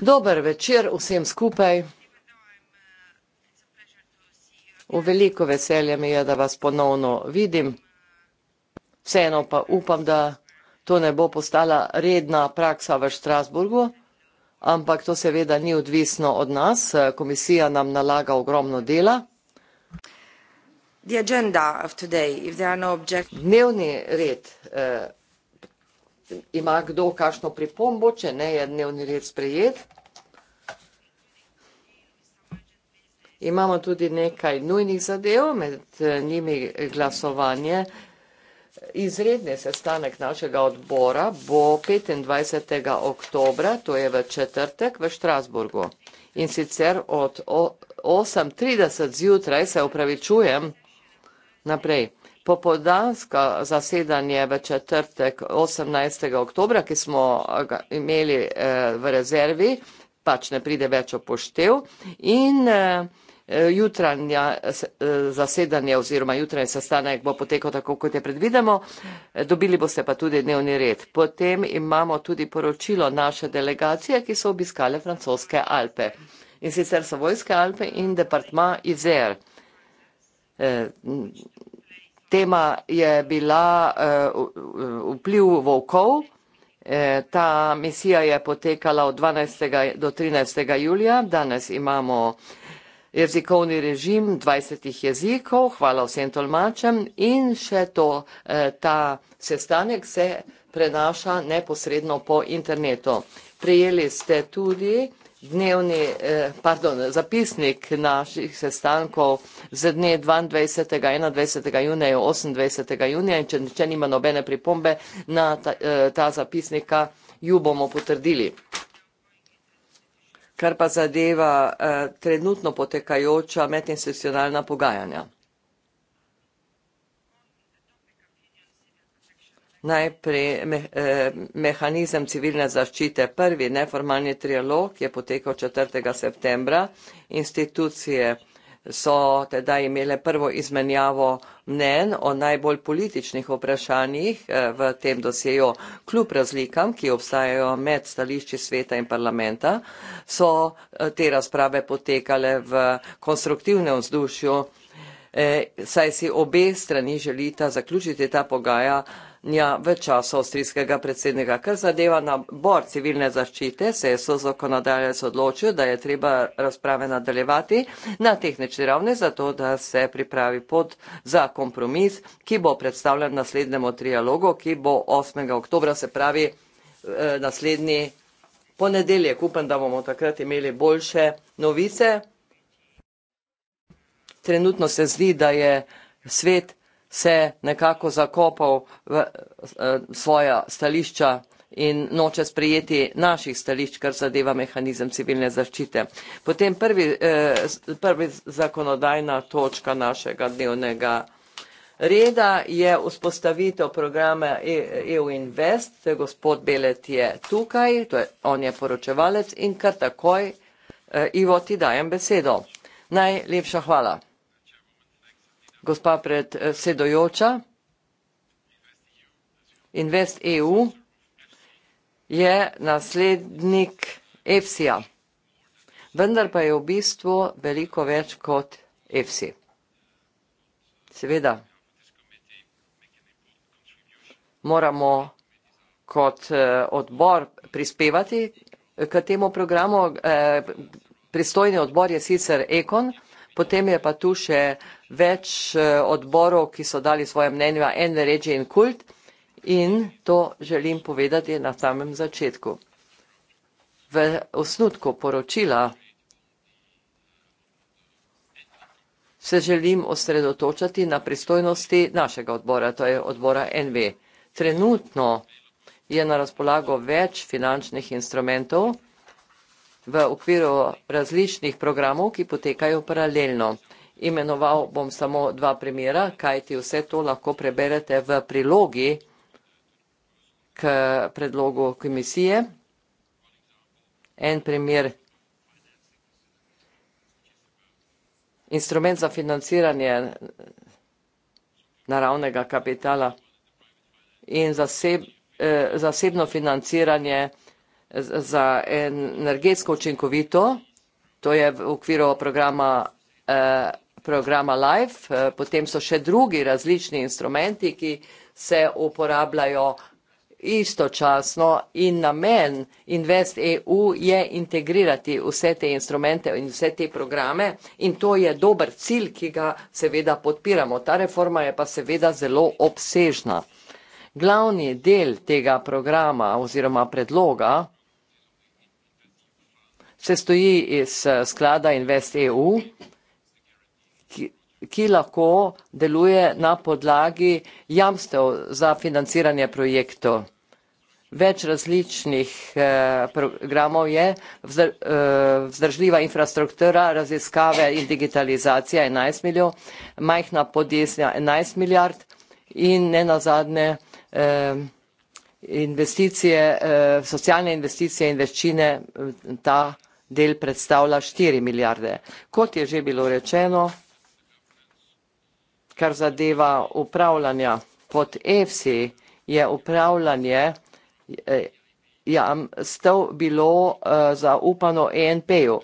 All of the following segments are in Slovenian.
Dober večer vsem skupaj. V veliko veselje mi je, da vas ponovno vidim. Vseeno pa upam, da to ne bo postala redna praksa v Štrasburgu, ampak to seveda ni odvisno od nas. Komisija nam nalaga ogromno dela. No Dnevni red. Eh, ima kdo kakšno pripombo, če ne je dnevni red sprejet. Imamo tudi nekaj nujnih zadev, med eh, njimi glasovanje. Izredni sestanek našega odbora bo 25. oktober, to je v četrtek v Štrasburgu. In sicer od 8.30 zjutraj se upravičujem naprej. Popoldanska zasedanje v četrtek 18. oktobra, ki smo ga imeli eh, v rezervi, pač ne pride več opoštev in eh, jutranja eh, zasedanje oziroma jutranji sestanek bo potekal tako, kot je predvidemo. Dobili boste pa tudi dnevni red. Potem imamo tudi poročilo naše delegacije, ki so obiskale francoske Alpe. In sicer so vojske Alpe in departma Izer tema je bila uh, vpliv volkov. Eh, ta misija je potekala od 12. do 13. julija. Danes imamo jezikovni režim 20 jezikov, hvala vsem tolmačem in še to, eh, ta sestanek se prenaša neposredno po internetu. Prijeli ste tudi dnevni, eh, pardon, zapisnik naših sestankov z dne 22. 21. junija je 28. junija in če niče nima nobene pripombe na ta, eh, ta zapisnika, ju bomo potrdili. Kar pa zadeva eh, trenutno potekajoča medinstitucionalna pogajanja. Najprej eh, mehanizem civilne zaščite, prvi neformalni trialog je potekal 4. septembra. Institucije so teda imele prvo izmenjavo mnen o najbolj političnih vprašanjih eh, v tem dosejo. Kljub razlikam, ki obstajajo med stališči sveta in parlamenta, so eh, te razprave potekale v konstruktivnem vzdušju, saj si obe strani želita zaključiti ta pogaja dogajanja v času avstrijskega predsednika. Kar zadeva nabor civilne zaščite, se je so zakonodajalec odločil, da je treba razprave nadaljevati na tehnični ravni, zato da se pripravi pot za kompromis, ki bo predstavljen naslednjemu trialogu, ki bo 8. oktobra, se pravi eh, naslednji ponedeljek. Upam, da bomo takrat imeli boljše novice. Trenutno se zdi, da je svet se nekako zakopal v eh, svoja stališča in noče sprejeti naših stališč, kar zadeva mehanizem civilne zaščite. Potem prvi, eh, prvi zakonodajna točka našega dnevnega reda je vzpostavitev programa EU e Invest, te gospod Belet je tukaj, to je, on je poročevalec in kar takoj, eh, Ivo, ti dajem besedo. Najlepša hvala gospa predsedujoča investeu je naslednik efsi ja vendar pa je v bistvu veliko več kot efsi seveda moramo kot eh, odbor prispevati k temu programu eh, pristojni odbor je sicer econ Potem je pa tu še več eh, odborov, ki so dali svoje mnenje, en reči in kult. In to želim povedati na samem začetku. V osnutku poročila se želim osredotočati na pristojnosti našega odbora, to je odbora NV. Trenutno je na razpolago več finančnih instrumentov, v okviru različnih programov, ki potekajo paralelno. Imenoval bom samo dva primera, kajti vse to lahko preberete v prilogi k predlogu komisije. En primer. Instrument za financiranje naravnega kapitala in zaseb, eh, zasebno financiranje eh, za energetsko učinkovito, to je v okviru programa, eh, programa LIFE, eh, potem so še drugi različni instrumenti, ki se uporabljajo istočasno in namen Invest EU je integrirati vse te instrumente in vse te programe in to je dober cilj, ki ga seveda podpiramo. Ta reforma je pa seveda zelo obsežna. Glavni del tega programa oziroma predloga sestoji iz eh, sklada Invest EU, ki, ki lahko deluje na podlagi jamstev za financiranje projektov. Več različnih eh, programov je, eh, vzdržljiva infrastruktura, raziskave in digitalizacija 11 milijonov, majhna podjesnja 11 milijard in ne nazadnje investicije, socialne investicije in veščine ta del predstavlja 4 milijarde. Kot je že bilo rečeno, kar zadeva upravljanja pod EFSI, je upravljanje eh, jamstv bilo eh, zaupano ENP-ju.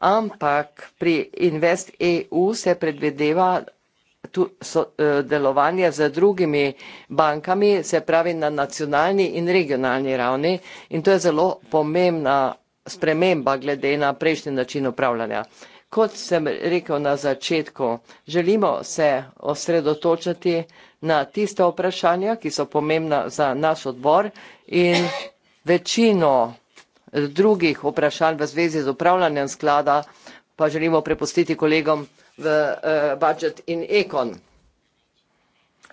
Ampak pri Invest EU se predvedeva eh, delovanje z drugimi bankami, se pravi na nacionalni in regionalni ravni in to je zelo pomembna sprememba glede na prejšnji način upravljanja. Kot sem rekel na začetku, želimo se osredotočiti na tiste vprašanja, ki so pomembna za naš odbor in večino drugih vprašanj v zvezi z upravljanjem sklada pa želimo prepustiti kolegom v uh, budget in ekon.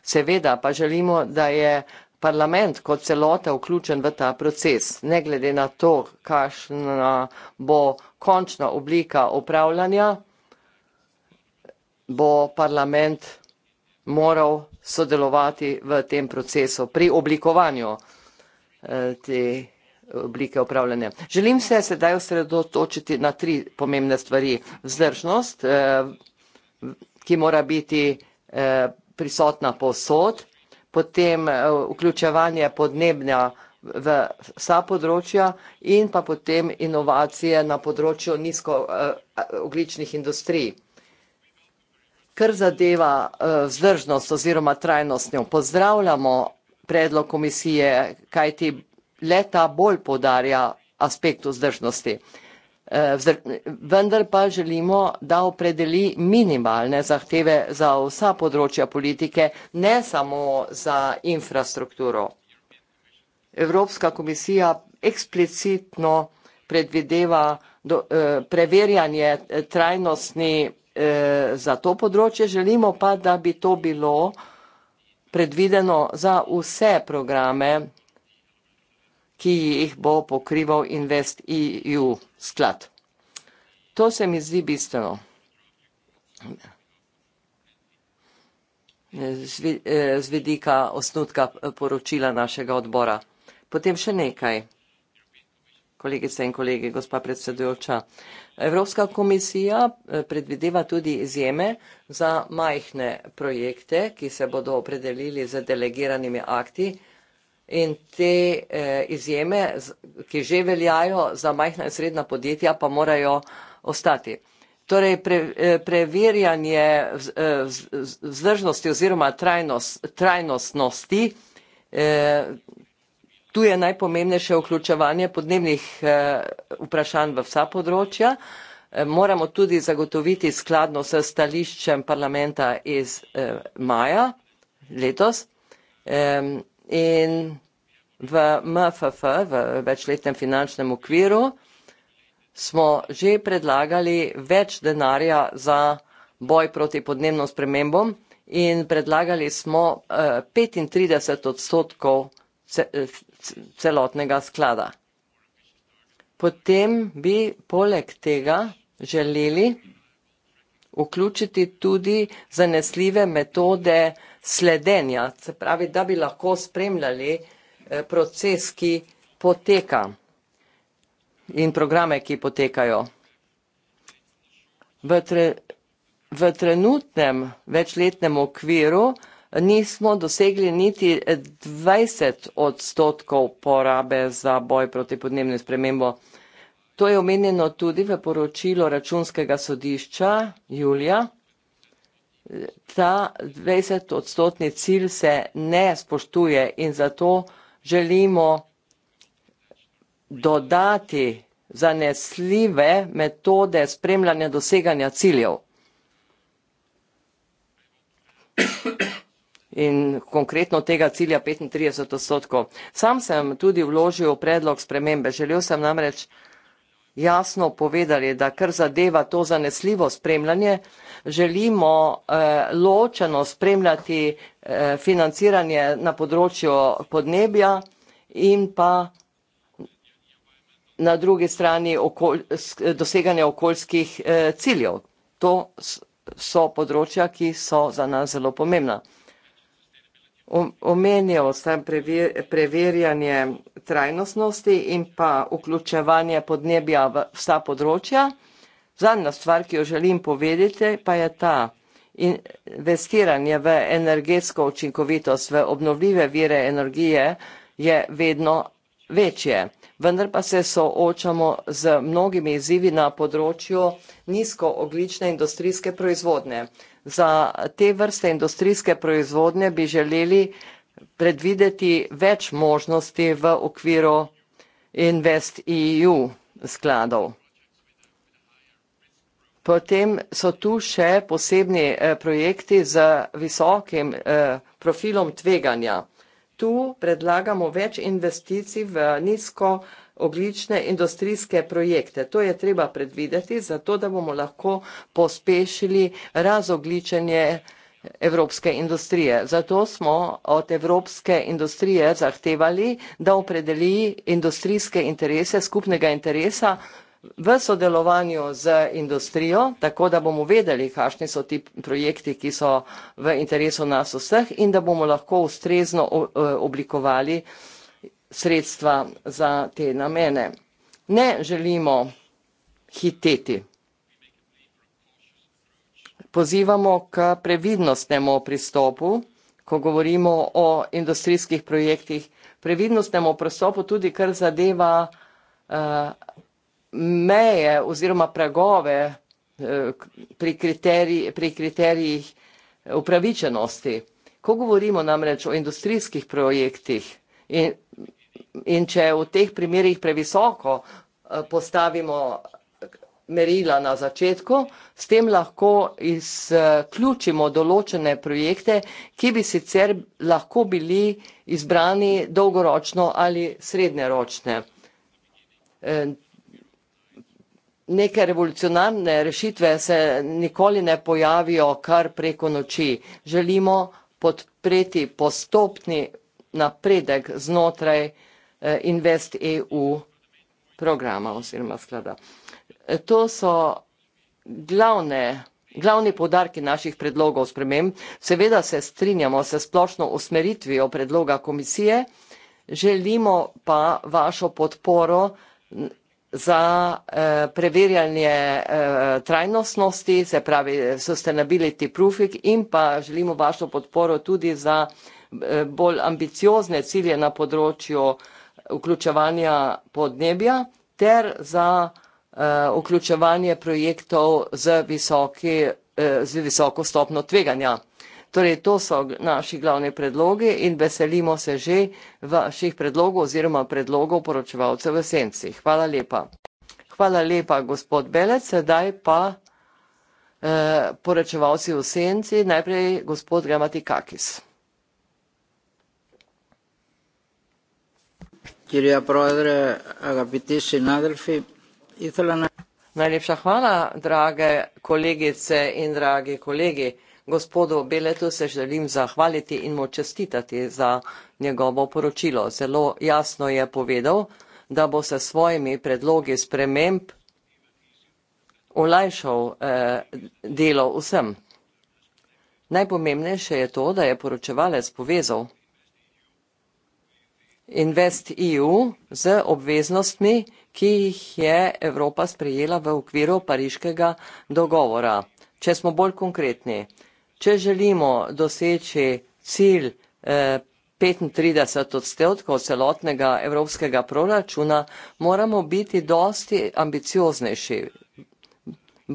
Seveda pa želimo, da je parlament kot celota vključen v ta proces, ne glede na to, kakšna bo končna oblika upravljanja, bo parlament moral sodelovati v tem procesu pri oblikovanju eh, te oblike upravljanja. Želim se sedaj osredotočiti na tri pomembne stvari. Vzdržnost, eh, ki mora biti eh, prisotna posod, potem eh, vključevanje podnebnja v vsa področja in pa potem inovacije na področju nizkooglični eh, industriji. Kar zadeva eh, vzdržnost oziroma trajnostnjo, pozdravljamo predlog komisije, kajti leta bolj podarja aspekt vzdržnosti. Eh, vendar pa želimo, da opredeli minimalne zahteve za vsa področja politike, ne samo za infrastrukturo. Evropska komisija eksplicitno predvideva do, eh, preverjanje eh, trajnostni za to področje, želimo pa, da bi to bilo predvideno za vse programe ki jih bo pokrival Invest EU sklad. To se mi zdi bistveno. Z vedika eh, osnutka eh, poročila našega odbora. Potem še nekaj, kolegice in kolege, gospa predsedujoča. Evropska komisija eh, predvideva tudi izjeme za majhne projekte, ki se bodo opredelili z delegiranimi akti, In te eh, izjeme, ki že veljajo za majhna in srednja podjetja, pa morajo ostati. Torej, pre, eh, preverjanje eh, vzdržnosti oziroma trajnost, trajnostnosti, eh, tu je najpomembnejše vključevanje podnebnih eh, vprašanj v vsa področja. Eh, moramo tudi zagotoviti skladno s stališčem parlamenta iz eh, maja letos. Eh, in v MFF, v večletnem finančnem okviru, smo že predlagali več denarja za boj proti podnebnom spremembom in predlagali smo 35 eh, odstotkov celotnega sklada. Potem bi poleg tega želeli vključiti tudi zanesljive metode, sledenja, se pravi, da bi lahko spremljali eh, proces, ki poteka in programe, ki potekajo. V, tre, v trenutnem večletnem okviru nismo dosegli niti 20 odstotkov porabe za boj proti podnebni spremembo. To je omenjeno tudi v poročilo računskega sodišča julija ta 20 odstotni cilj se ne spoštuje in zato želimo dodati zanesljive metode spremljanja doseganja ciljev. In konkretno tega cilja 35 odstotkov. Sam sem tudi vložil predlog spremembe. Želel sem namreč jasno povedali, da kar zadeva to zanesljivo spremljanje, želimo eh, ločeno spremljati eh, financiranje na področju podnebja in pa na drugi strani okol, doseganje okoljskih eh, ciljev. To so področja, ki so za nas zelo pomembna omenil sem preverjanje trajnostnosti in pa vključevanje podnebja v vsa področja. Zadnja stvar, ki jo želim povedati, pa je ta investiranje v energetsko učinkovitost, v obnovljive vire energije je vedno večje vendar pa se soočamo z mnogimi izzivi na področju nizkooglične industrijske proizvodnje. Za te vrste industrijske proizvodnje bi želeli predvideti več možnosti v okviru Invest EU skladov. Potem so tu še posebni eh, projekti z visokim eh, profilom tveganja. Tu predlagamo več investicij v nizko oglične industrijske projekte. To je treba predvideti, zato da bomo lahko pospešili razogličenje evropske industrije. Zato smo od evropske industrije zahtevali, da opredeli industrijske interese, skupnega interesa, v sodelovanju z industrijo, tako da bomo vedeli, kakšni so ti projekti, ki so v interesu nas vseh in da bomo lahko ustrezno e, oblikovali sredstva za te namene. Ne želimo hiteti. Pozivamo k previdnostnemu pristopu, ko govorimo o industrijskih projektih, previdnostnemu pristopu tudi, kar zadeva uh, meje oziroma pragove eh, pri, kriterij, pri kriterijih eh, upravičenosti. Ko govorimo namreč o industrijskih projektih in, in če v teh primerjih previsoko eh, postavimo merila na začetku, s tem lahko izključimo določene projekte, ki bi sicer lahko bili izbrani dolgoročno ali srednjeročne neke revolucionarne rešitve se nikoli ne pojavijo kar preko noči. Želimo podpreti postopni napredek znotraj eh, Invest EU programa oziroma sklada. Eh, to so glavne, glavni podarki naših predlogov sprememb. Seveda se strinjamo se splošno usmeritvijo predloga komisije, želimo pa vašo podporo za eh, preverjanje eh, trajnostnosti, se pravi sustainability proofing in pa želimo vašo podporo tudi za eh, bolj ambiciozne cilje na področju eh, vključevanja podnebja ter za eh, vključevanje projektov z, visoki, eh, z visoko stopno tveganja. Torej, to so naši glavni predlogi in veselimo se že vaših predlogov oziroma predlogov poročevalcev v senci. Hvala lepa. Hvala lepa, gospod Belec. Sedaj pa eh, poročevalci v senci, najprej gospod Gramatikakis. Kirja Prodre, Agapitiši Nadelfi, Italana. Najlepša hvala, drage kolegice in dragi kolegi. Gospodu Beletu se želim zahvaliti in mu čestitati za njegovo poročilo. Zelo jasno je povedal, da bo se svojimi predlogi sprememb olajšal eh, delo vsem. Najpomembnejše je to, da je poročevalec povezal Invest EU z obveznostmi, ki jih je Evropa sprejela v okviru pariškega dogovora. Če smo bolj konkretni, če želimo doseči cilj eh, 35 odstotkov celotnega evropskega proračuna, moramo biti dosti ambicioznejši.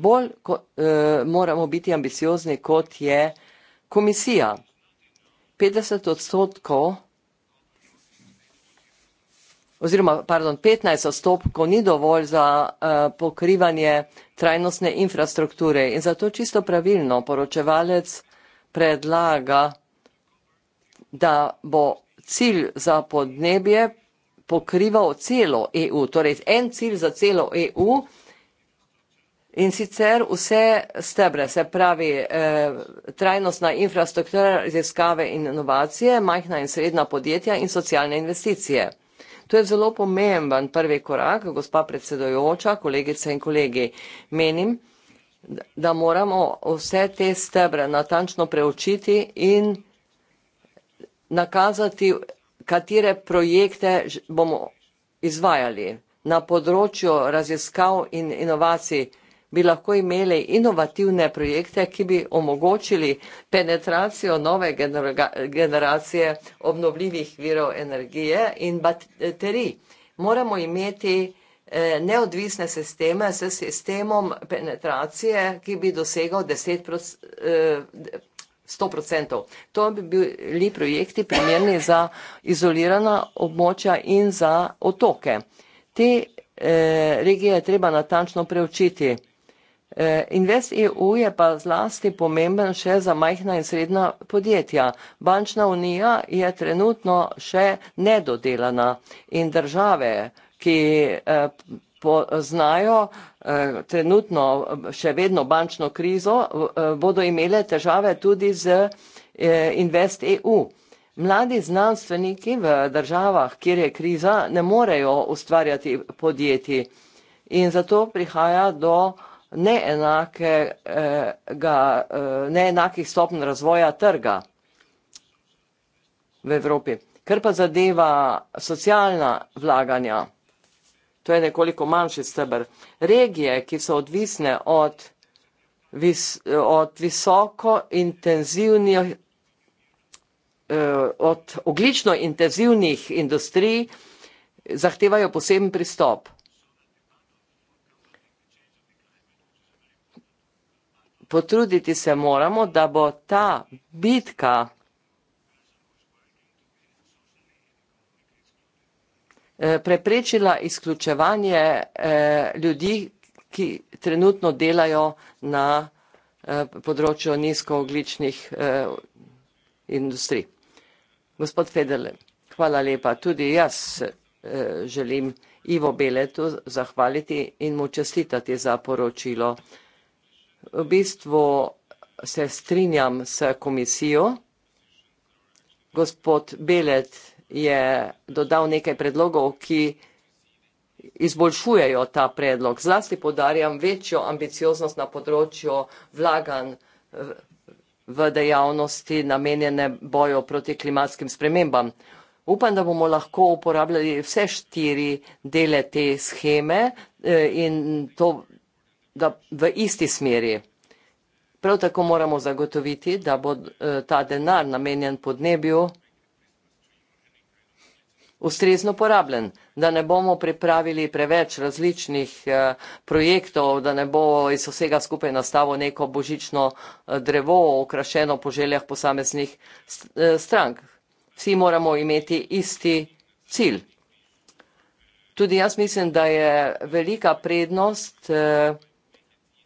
Bolj ko, eh, moramo biti ambiciozni, kot je komisija. 50 odstotkov oziroma pardon, 15 odstotkov ni dovolj za uh, pokrivanje trajnostne infrastrukture in zato čisto pravilno poročevalec predlaga, da bo cilj za podnebje pokrival celo EU, torej en cilj za celo EU in sicer vse stebre, se pravi eh, trajnostna infrastruktura, raziskave in inovacije, majhna in srednja podjetja in socialne investicije. To je zelo pomemben prvi korak, gospa predsedojoča, kolegice in kolegi. Menim, da moramo vse te stebre natančno preučiti in nakazati, katere projekte bomo izvajali na področju raziskav in inovacij bi lahko imeli inovativne projekte, ki bi omogočili penetracijo nove generacije obnovljivih virov energije in baterij. Moramo imeti eh, neodvisne sisteme s sistemom penetracije, ki bi dosegal 100%. Eh, to bi bili projekti primerni za izolirana območja in za otoke. Te eh, regije treba natančno preučiti. Eh, InvestEU je pa zlasti pomemben še za majhna in srednja podjetja. Bančna unija je trenutno še nedodelana in države, ki eh, poznajo eh, trenutno še vedno bančno krizo, bodo imele težave tudi z InvestEU. Mladi znanstveniki v državah, kjer je kriza, ne morejo ustvarjati podjetij in zato prihaja do neenakega, eh, neenakih stopn razvoja trga v Evropi. Ker pa zadeva socialna vlaganja, to je nekoliko manjši stebr, regije, ki so odvisne od, vis, od visoko intenzivnih, eh, od oglično intenzivnih industrij, zahtevajo poseben pristop. potruditi se moramo, da bo ta bitka eh, preprečila izključevanje eh, ljudi, ki trenutno delajo na eh, področju nizkoogličnih industrij. Gospod Federle, hvala lepa. Tudi jaz želim Ivo Beletu zahvaliti in mu čestitati za poročilo. V bistvu se strinjam s komisijo. Gospod Belet je dodal nekaj predlogov, ki izboljšujejo ta predlog. Zlasti podarjam večjo ambicioznost na področju vlagan v dejavnosti namenjene bojo proti klimatskim spremembam. Upam, da bomo lahko uporabljali vse štiri dele te scheme eh, in to da v isti smeri. Prav tako moramo zagotoviti, da bo eh, ta denar namenjen podnebju ustrezno porabljen, da ne bomo pripravili preveč različnih eh, projektov, da ne bo iz vsega skupaj nastalo neko božično eh, drevo, okrašeno po željah posameznih strank. Vsi moramo imeti isti cilj. Tudi jaz mislim, da je velika prednost. Eh,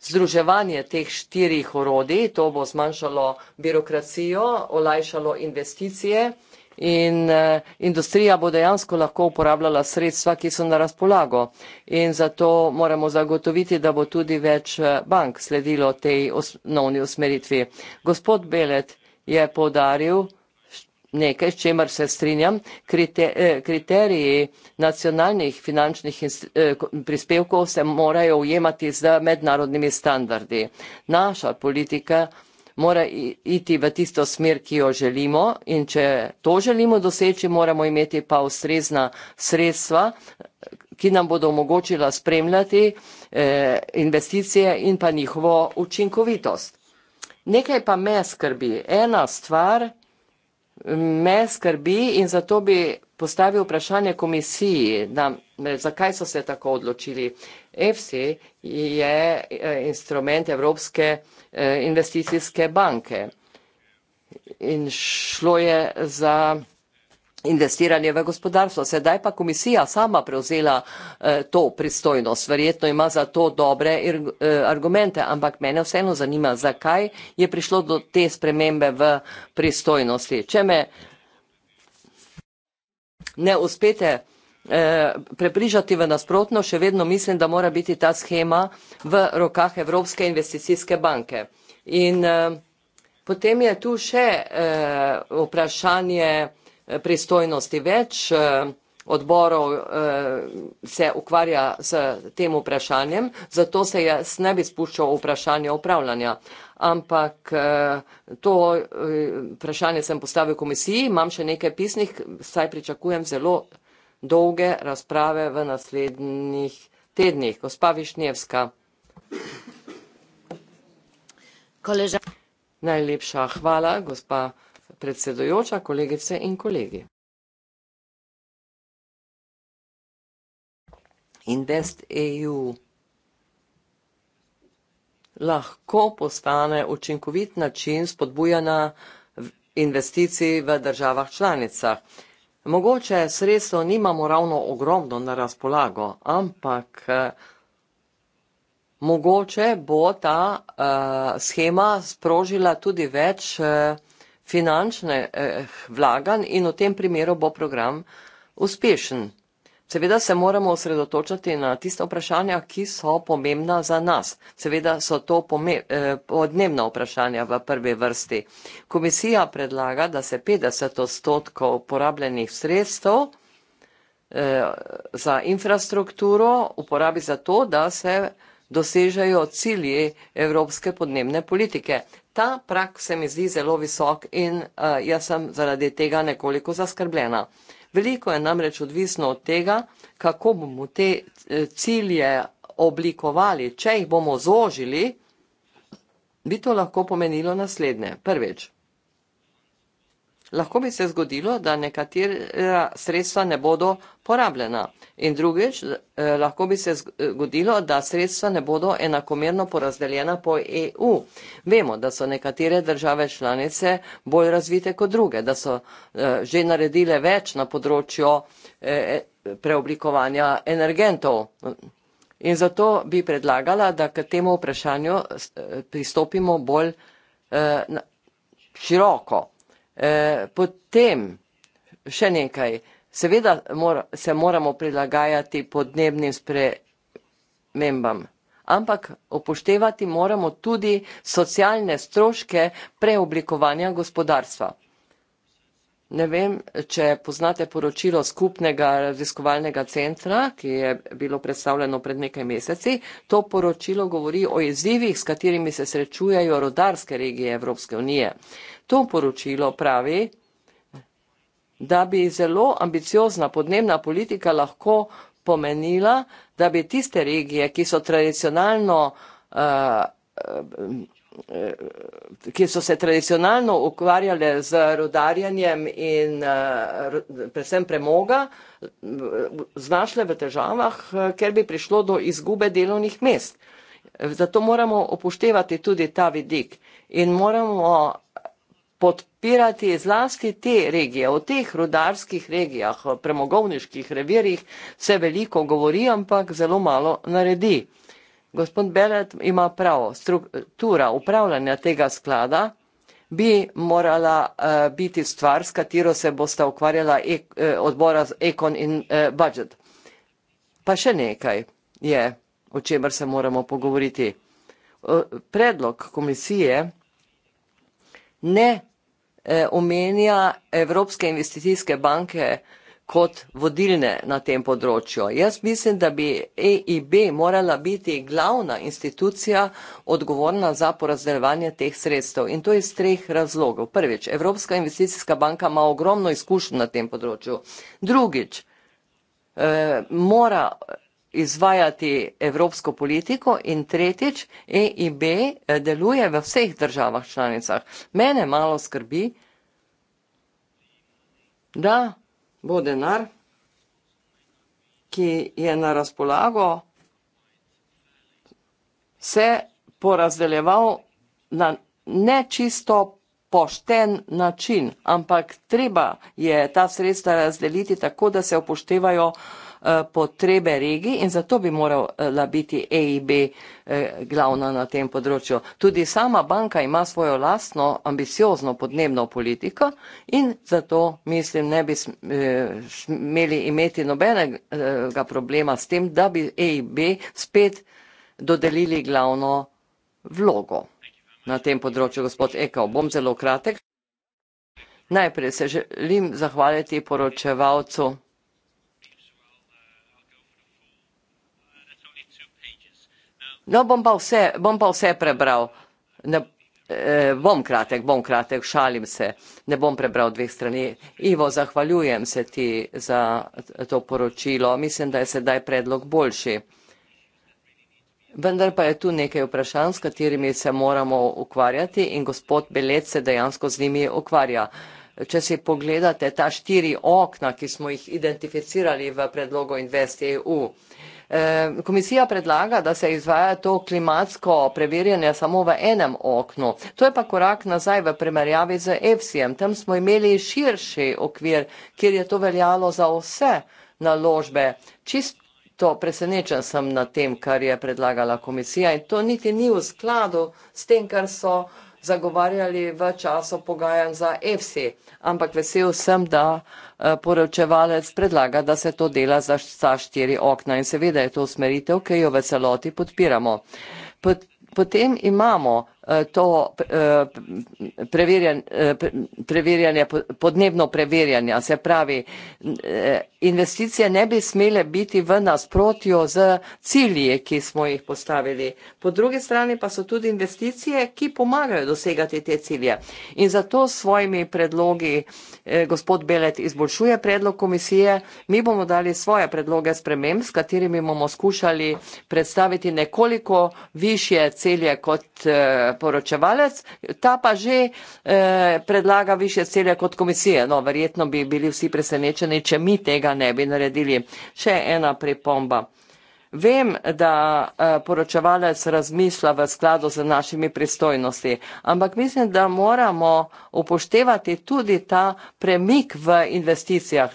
Združevanje teh štirih orodij, to bo zmanjšalo birokracijo, olajšalo investicije in eh, industrija bo dejansko lahko uporabljala sredstva, ki so na razpolago. In zato moramo zagotoviti, da bo tudi več eh, bank sledilo tej osnovni usmeritvi. Gospod Belet je podaril, nekaj, s čemer se strinjam, eh, kriteriji nacionalnih finančnih eh, prispevkov se morajo ujemati z mednarodnimi standardi. Naša politika mora iti v tisto smer, ki jo želimo in če to želimo doseči, moramo imeti pa ustrezna sredstva, ki nam bodo omogočila spremljati eh, investicije in pa njihovo učinkovitost. Nekaj pa me skrbi. Ena stvar, me skrbi in zato bi postavil vprašanje komisiji, namreč eh, zakaj so se tako odločili. EFSI je eh, instrument Evropske eh, investicijske banke in šlo je za investiranje v gospodarstvo. Sedaj pa komisija sama prevzela eh, to pristojnost. Verjetno ima za to dobre er, eh, argumente, ampak mene vseeno zanima, zakaj je prišlo do te spremembe v pristojnosti. Če me ne uspete eh, prepričati v nasprotno, še vedno mislim, da mora biti ta schema v rokah Evropske investicijske banke. In eh, potem je tu še eh, vprašanje, pristojnosti več. Eh, odborov eh, se ukvarja s tem vprašanjem, zato se jaz ne bi spuščal v vprašanje upravljanja. Ampak eh, to eh, vprašanje sem postavil komisiji, imam še nekaj pisnih, saj pričakujem zelo dolge razprave v naslednjih tednih. Gospa Višnjevska. Koleža. Najlepša hvala, gospa predsedojoča, kolegice in kolegi. Invest EU lahko postane učinkovit način spodbujanja investicij v državah članicah. Mogoče sredstvo nimamo ravno ogromno na razpolago, ampak eh, mogoče bo ta uh, eh, schema sprožila tudi več uh, finančne eh, vlagan in v tem primeru bo program uspešen. Seveda se moramo osredotočati na tiste vprašanja, ki so pomembna za nas. Seveda so to eh, podnebna vprašanja v prvi vrsti. Komisija predlaga, da se 50 odstotkov porabljenih sredstev eh, za infrastrukturo uporabi za to, da se dosežejo cilji evropske podnebne politike. Ta prak se mi zdi zelo visok in uh, jaz sem zaradi tega nekoliko zaskrbljena. Veliko je namreč odvisno od tega, kako bomo te eh, cilje oblikovali. Če jih bomo zožili, bi to lahko pomenilo naslednje. Prvič, Lahko bi se zgodilo, da nekatera sredstva ne bodo porabljena. In drugič, eh, lahko bi se eh, zgodilo, da sredstva ne bodo enakomerno porazdeljena po EU. Vemo, da so nekatere države članice bolj razvite kot druge, da so eh, že naredile več na področju preoblikovanja energentov. In zato bi predlagala, da k temu vprašanju pristopimo bolj široko. E, potem še nekaj. Seveda mora, se moramo prilagajati podnebnim spremembam, ampak upoštevati moramo tudi socialne stroške preoblikovanja gospodarstva. Ne vem, če poznate poročilo skupnega raziskovalnega centra, ki je bilo predstavljeno pred nekaj meseci. To poročilo govori o izzivih, s katerimi se srečujejo rodarske regije Evropske unije. To poročilo pravi, da bi zelo ambiciozna podnebna politika lahko pomenila, da bi tiste regije, ki so tradicionalno. Uh, Eh, ki so se tradicionalno ukvarjale z rodarjanjem in eh, predvsem premoga, eh, znašle v težavah, ker bi prišlo do izgube delovnih mest. Zato moramo upoštevati tudi ta vidik in moramo podpirati zlasti te regije. O teh rudarskih regijah, premogovniških revirjih se veliko govori, ampak zelo malo naredi gospod Belet ima prav, struktura upravljanja tega sklada bi morala uh, biti stvar, s katero se boste ukvarjala ek, uh, eh, odbora z ekon in uh, eh, budžet. Pa še nekaj je, o čemer se moramo pogovoriti. Predlog komisije ne omenja Evropske investicijske banke uh, kot vodilne na tem področju. Jaz mislim, da bi EIB morala biti glavna institucija odgovorna za porazdeljevanje teh sredstev in to iz treh razlogov. Prvič, Evropska investicijska banka ima ogromno izkušnjo na tem področju. Drugič, eh, mora izvajati evropsko politiko in tretjič, EIB eh, deluje v vseh državah članicah. Mene malo skrbi, da bo denar, ki je na razpolago, se porazdeljeval na nečisto pošten način, ampak treba je ta sredstva razdeliti tako, da se upoštevajo uh, Eh, potrebe regij in zato bi morala biti EIB eh, glavna na tem področju. Tudi sama banka ima svojo lastno ambiciozno podnebno politiko in zato mislim, ne bi eh, smeli imeti nobenega problema s tem, da bi EIB spet dodelili glavno vlogo na tem področju, gospod Ekel. Bom zelo kratek. Najprej se želim zahvaliti poročevalcu. No, bom pa vse, bom pa vse prebral. Ne, eh, bom kratek, bom kratek, šalim se. Ne bom prebral dveh strani. Ivo, zahvaljujem se ti za to poročilo. Mislim, da je sedaj predlog boljši. Vendar pa je tu nekaj vprašanj, s katerimi se moramo ukvarjati in gospod Belec se dejansko z njimi ukvarja. Če si pogledate ta štiri okna, ki smo jih identificirali v predlogu InvestEU, eh, Eh, komisija predlaga, da se izvaja to klimatsko preverjanje samo v enem oknu. To je pa korak nazaj v primerjavi z EFSI-jem. Tam smo imeli širši okvir, kjer je to veljalo za vse naložbe. Čisto presenečen sem na tem, kar je predlagala komisija in to niti ni v skladu s tem, kar so uh, zagovarjali v času pogajanj za EFS. Ampak vesel sem, da eh, poročevalec predlaga, da se to dela za vsa štiri okna in seveda je to usmeritev, ki jo v celoti podpiramo. Pot, potem imamo eh, to eh, preverjanje, preverjanje, podnebno preverjanje, se pravi, investicije ne bi smele biti v nasprotju z cilji, ki smo jih postavili. Po drugi strani pa so tudi investicije, ki pomagajo dosegati te cilje. In zato s svojimi predlogi eh, gospod Belet izboljšuje predlog komisije, mi bomo dali svoje predloge sprememb, s katerimi bomo skušali predstaviti nekoliko više celje kot eh, poročevalec. Ta pa že eh, predlaga više celje kot komisije. No, verjetno bi bili vsi presenečeni, če mi tega ne bi naredili. Še ena pripomba. Vem, da eh, poročevalec razmišlja v skladu z našimi pristojnosti, ampak mislim, da moramo upoštevati tudi ta premik v investicijah.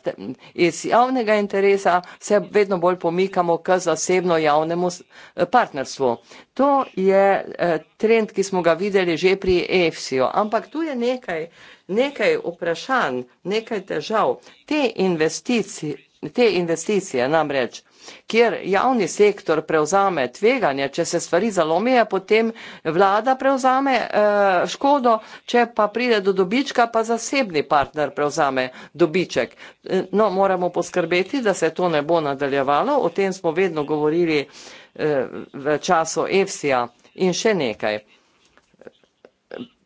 Iz javnega interesa se vedno bolj pomikamo k zasebno javnemu eh, partnerstvu. To je eh, trend, ki smo ga videli že pri EFSI-ju, ampak tu je nekaj, nekaj vprašanj, nekaj težav. Te investicije, te investicije namreč, kjer javni sektor prevzame tveganje, če se stvari zalomijo, potem vlada prevzame eh, škodo, če pa pride do dobička, pa zasebni partner prevzame dobiček. Eh, no, moramo poskrbeti, da se to ne bo nadaljevalo. O tem smo vedno govorili eh, v času EFSI-ja in še nekaj.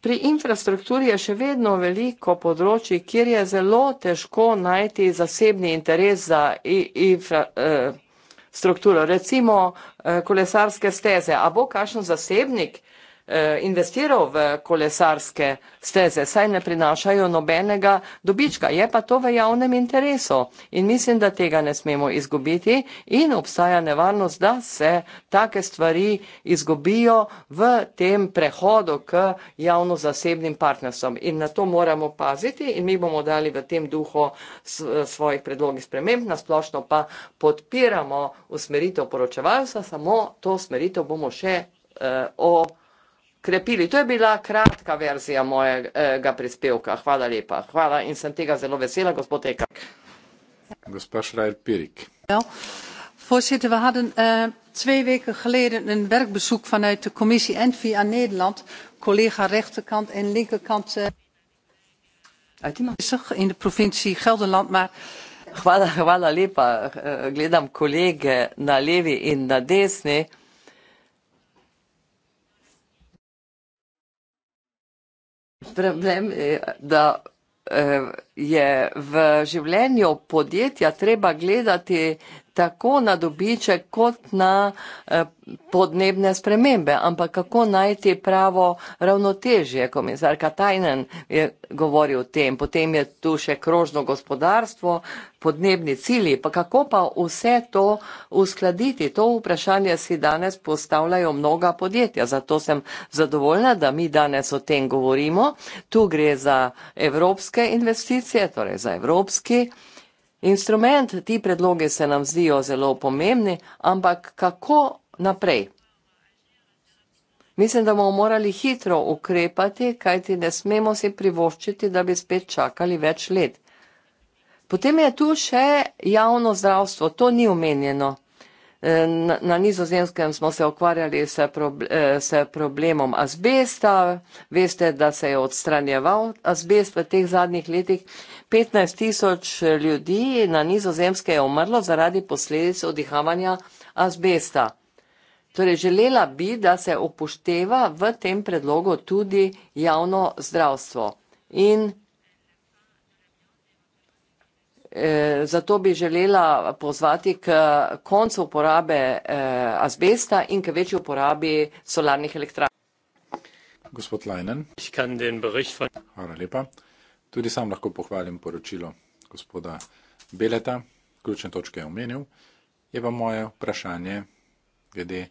Pri infrastrukturi je še vedno veliko področji, kjer je zelo težko najti zasebni interes za infrastrukturo. E, Recimo e, kolesarske steze. A bo kakšen zasebnik? Eh, investiral v kolesarske steze, saj ne prinašajo nobenega dobička. Je pa to v javnem interesu in mislim, da tega ne smemo izgubiti in obstaja nevarnost, da se take stvari izgubijo v tem prehodu k javno-zasebnim partnerstvom. In na to moramo paziti in mi bomo dali v tem duhu svojih predlogih sprememb, nasplošno pa podpiramo usmeritev poročevalca, samo to usmeritev bomo še uh, o krepili. To je bila kratka verzija mojega prispevka. Hvala lepa. Hvala in sem tega zelo vesela, gospod Ekak. Gospa Šrajer Pirik. Ja. Voorzitter, we hadden uh, twee weken geleden een werkbezoek vanuit de commissie Envi aan Nederland. Collega rechterkant en linkerkant uh, in de provincie Gelderland. Maar... Hvala, hvala lepa. Uh, gledam kolege na levi in na desni. Problem je, da eh, je v življenju podjetja treba gledati tako na dobiček kot na eh, podnebne spremembe, ampak kako najti pravo ravnotežje. Komisar Katajnen je govoril o tem, potem je tu še krožno gospodarstvo, podnebni cilji, pa kako pa vse to uskladiti. To vprašanje si danes postavljajo mnoga podjetja, zato sem zadovoljna, da mi danes o tem govorimo. Tu gre za evropske investicije, koalicije, torej za evropski instrument. Ti predloge se nam zdijo zelo pomembni, ampak kako naprej? Mislim, da bomo morali hitro ukrepati, kajti ne smemo si privoščiti, da bi spet čakali več let. Potem je tu še javno zdravstvo, to ni omenjeno na, na nizozemskem smo se okvarjali se, proble, eh, se problemom azbesta, veste, da se je odstranjeval azbest v teh zadnjih letih. 15 tisoč eh, ljudi na nizozemske je umrlo zaradi posledic odihavanja azbesta. Torej, želela bi, da se upošteva v tem predlogu tudi javno zdravstvo. In Eh, zato bi želela pozvati k koncu uporabe eh, azbesta in k večji uporabi solarnih elektrarn. Gospod Leinen. Hvala lepa. Tudi sam lahko pohvalim poročilo gospoda Beleta, ključne točke je omenil. Je pa moje vprašanje glede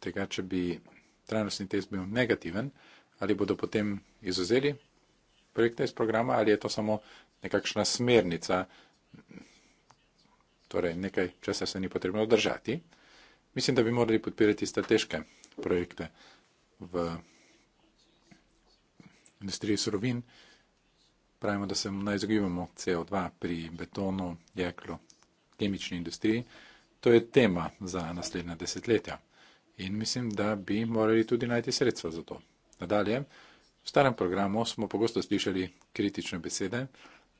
tega, če bi trajnostni test bil negativen, ali bodo potem izuzeli projekta iz programa ali je to samo nekakšna smernica, torej nekaj časa se ni potrebno držati. Mislim, da bi morali podpirati strateške projekte v industriji surovin. Pravimo, da se naj izogibamo CO2 pri betonu, jeklu, kemični industriji. To je tema za naslednja desetletja. In mislim, da bi morali tudi najti sredstva za to. Nadalje. V starem programu smo pogosto slišali kritične besede,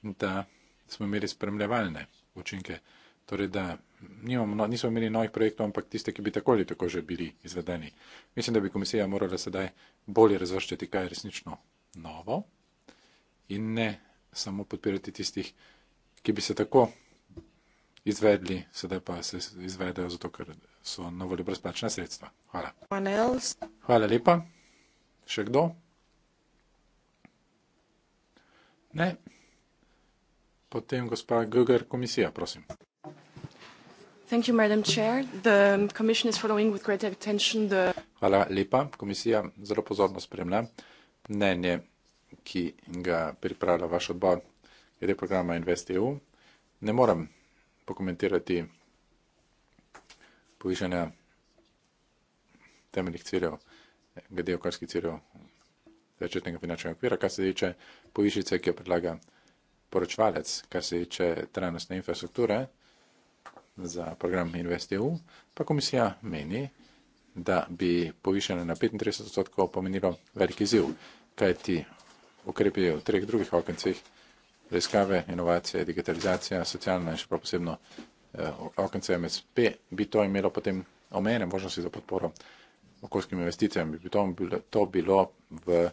da smo imeli spremljevalne učinke, torej da nimamo, no, nismo imeli novih projektov, ampak tiste, ki bi tako ali tako že bili izvedeni. Mislim, da bi komisija morala sedaj bolje razvrščati, kaj je resnično novo in ne samo podpirati tistih, ki bi se tako izvedli, sedaj pa se izvedejo zato, ker so novoli brezplačna sredstva. Hvala. Hvala lepa. Še kdo? Ne. Potem gospa Gugar, komisija, prosim. Thank you, Madam Chair. The Commission is following with great attention the... Hvala lepa. Komisija zelo pozorno spremlja mnenje, ki ga pripravlja vaš odbor glede programa InvestEU. Ne morem pokomentirati povišanja temeljnih ciljev, glede okoljskih ciljev začetnega finančnega okvira, kar se tiče povišice, ki jo predlaga poročvalec, kar se tiče trajnostne infrastrukture za program InvestEU, pa komisija meni, da bi povišanje na 35 odstotkov pomenilo veliki ziv, kajti ukrepi v treh drugih okencih, raziskave, inovacije, digitalizacija, socialna in še posebno eh, okence MSP, bi to imelo potem omejene možnosti za podporo okoljskim investicijam, bi to bilo, to bilo v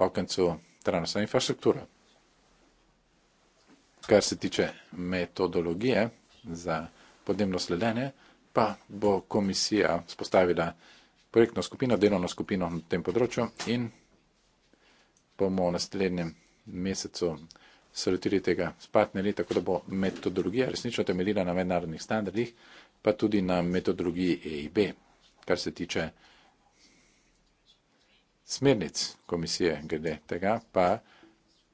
okn to trajnostna infrastruktura. Kar se tiče metodologije za podnebno sledenje, pa bo komisija spostavila projektno skupino, delovno skupino na tem področju in bomo v naslednjem mesecu se lotili tega s partnerji, tako da bo metodologija resnično temeljila na mednarodnih standardih, pa tudi na metodologiji EIB, kar se tiče smernic komisije glede tega, pa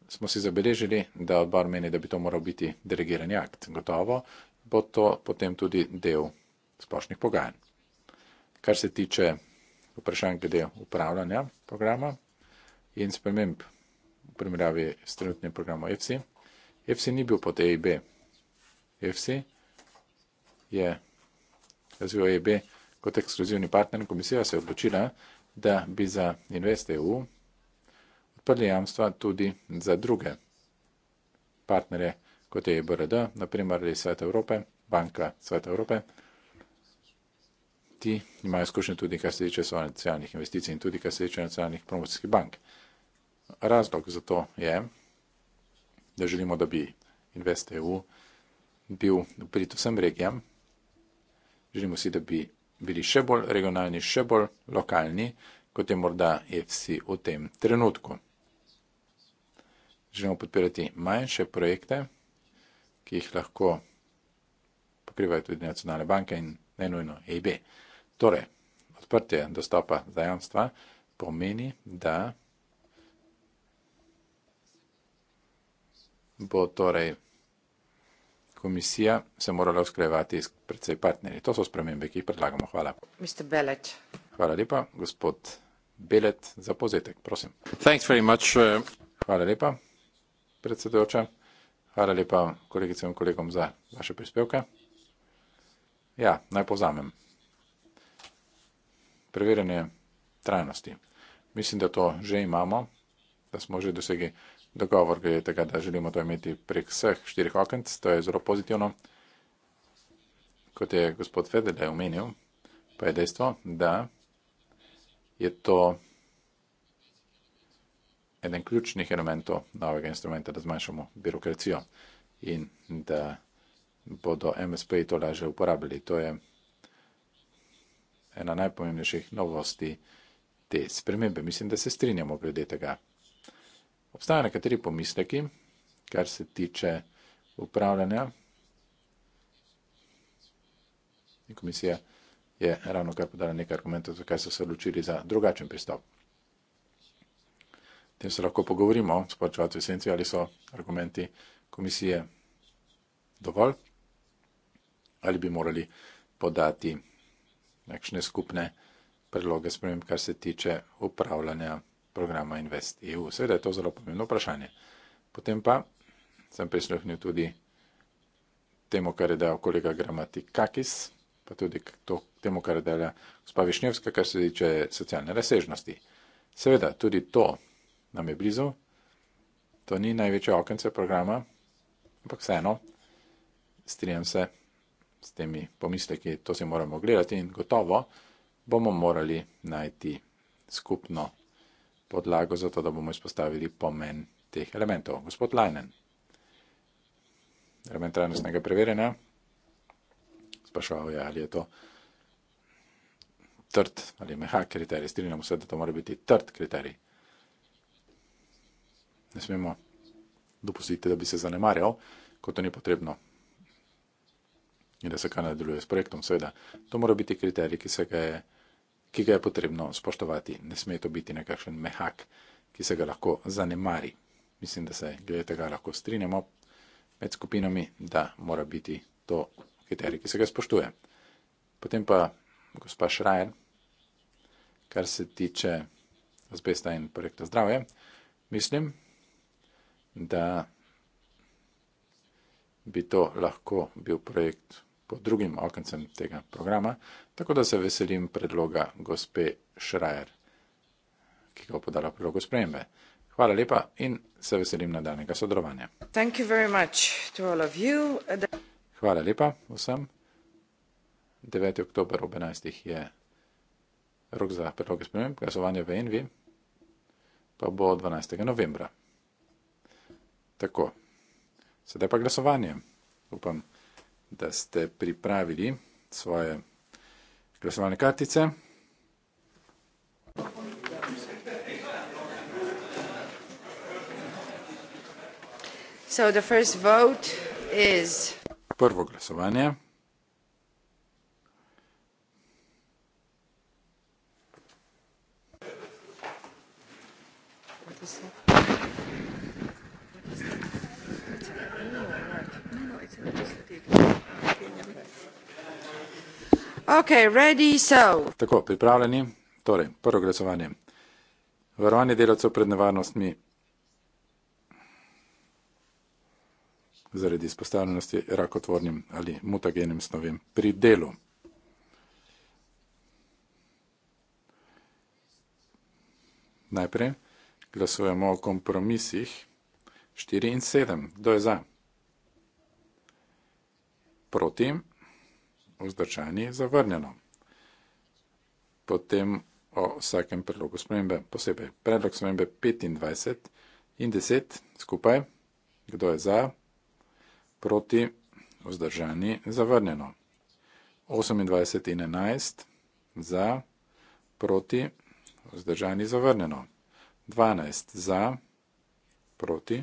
smo si zabeležili, da odbor meni, da bi to moral biti delegirani akt. Gotovo bo to potem tudi del splošnih pogajanj. Kar se tiče vprašanj glede upravljanja programa in sprememb v primerjavi s trenutnim programom EFSI, EFSI ni bil pod EIB. EFSI je razvil EIB kot ekskluzivni partner in komisija se je odločila, da bi za InvestEU odprli jamstva tudi za druge partnerje, kot je IBRD, e naprimer ali Svet Evrope, Banka Sveta Evrope. Ti imajo izkušnje tudi, kar se tiče socialnih investicij in tudi, kar se tiče nacionalnih promocijskih bank. Razlog za to je, da želimo, da bi InvestEU bil prit vsem regijam. Želimo si, da bi bili še bolj regionalni, še bolj lokalni, kot je morda EFC v tem trenutku. Želimo podpirati manjše projekte, ki jih lahko pokrivajo tudi nacionalne banke in nenujno EIB. Torej, odprtje dostopa zajamstva pomeni, da bo torej komisija se morala usklajevati s predvsej partnerji. To so spremembe, ki jih predlagamo. Hvala. Hvala lepa, gospod Belet, za povzetek, prosim. Much, uh... Hvala lepa, predsedujoča. Hvala lepa kolegicam in kolegom za vaše prispevke. Ja, naj povzamem. Preverjanje trajnosti. Mislim, da to že imamo, da smo že dosegli dogovor glede tega, da želimo to imeti prek vseh štirih okenc, to je zelo pozitivno. Kot je gospod Fedele omenil, pa je dejstvo, da je to eden ključnih elementov novega instrumenta, da zmanjšamo birokracijo in da bodo MSP-ji to lažje uporabljali. To je ena najpomembnejših novosti te spremembe. Mislim, da se strinjamo glede tega. Obstajajo nekateri pomisleki, kar se tiče upravljanja. In komisija je ravno kar podala nekaj argumentov, zakaj so se odločili za drugačen pristop. O tem se lahko pogovorimo, sporočevalci esenci, ali so argumenti komisije dovolj, ali bi morali podati nekšne skupne predloge sprememb, kar se tiče upravljanja programa InvestEU. Seveda je to zelo pomembno vprašanje. Potem pa sem prisluhnil tudi temu, kar je dal kolega Gramatikakis, pa tudi to, temu, kar je dala gospa Višnjevska, kar se tiče socialne razsežnosti. Seveda, tudi to nam je blizu. To ni največje okence programa, ampak vseeno, strijem se s temi pomisleki, to si moramo gledati in gotovo bomo morali najti skupno podlago za to, da bomo izpostavili pomen teh elementov. Gospod Lajnen, element trajnostnega preverjanja, sprašal je, ali je to trd ali mehak kriterij. Strinjamo se, da to mora biti trd kriterij. Ne smemo dopustiti, da bi se zanemarjal, ko to ni potrebno. In da se kaj nadaljuje s projektom, seveda. To mora biti kriterij, ki se ga je ki ga je potrebno spoštovati. Ne sme to biti nekakšen mehak, ki se ga lahko zanemari. Mislim, da se glede tega lahko strinjamo med skupinami, da mora biti to kriterij, ki se ga spoštuje. Potem pa gospa Šrajer, kar se tiče azbesta in projekta zdravje, mislim, da bi to lahko bil projekt pod drugim okencem tega programa, tako da se veselim predloga gospe Šrajer, ki ga bo podala predlogu sprejembe. Hvala lepa in se veselim nadaljnega sodelovanja. Hvala lepa vsem. 9. oktober ob 11. je rok za predloge sprememb, glasovanje v Envi pa bo 12. novembra. Tako, sedaj pa glasovanje. Upam da ste pripravili svoje glasovalne kartice. So the first vote is... Prvo glasovanje. Thank you. Okay, Tako, pripravljeni, torej, prvo glasovanje. Varovanje delavcev pred nevarnostmi zaradi izpostavljenosti rakotvornim ali mutagenim snovem pri delu. Najprej glasujemo o kompromisih 4 in 7. Kdo je za? proti, vzdržani zavrnjeno. Potem o vsakem predlogu spremembe, posebej predlog spremembe 25 in 10 skupaj, kdo je za, proti, vzdržani zavrnjeno. 28 in 11 za, proti, vzdržani zavrnjeno. 12 za, proti,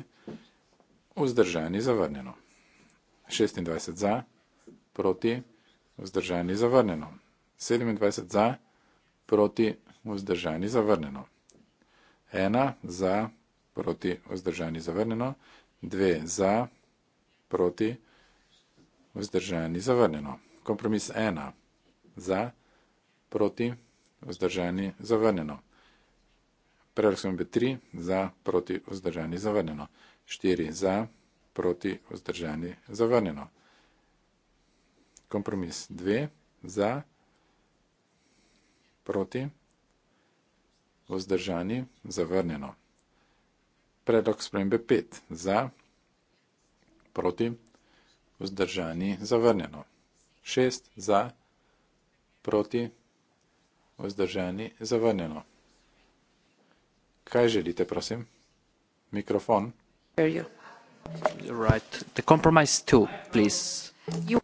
vzdržani zavrnjeno. 26 za proti, vzdržani zavrnjeno. 27 za, proti, vzdržani zavrnjeno. 1 za, proti, vzdržani zavrnjeno. 2 za, proti, vzdržani zavrnjeno. Kompromis 1 za, proti, vzdržani zavrnjeno. Prvek smo imeli 3 za, proti, vzdržani zavrnjeno. 4 za, proti, vzdržani zavrnjeno kompromis. Dve, za, proti, vzdržani, zavrnjeno. Predlog spremembe pet, za, proti, vzdržani, zavrnjeno. Šest, za, proti, vzdržani, zavrnjeno. Kaj želite, prosim? Mikrofon. Here you Right. The compromise two, please.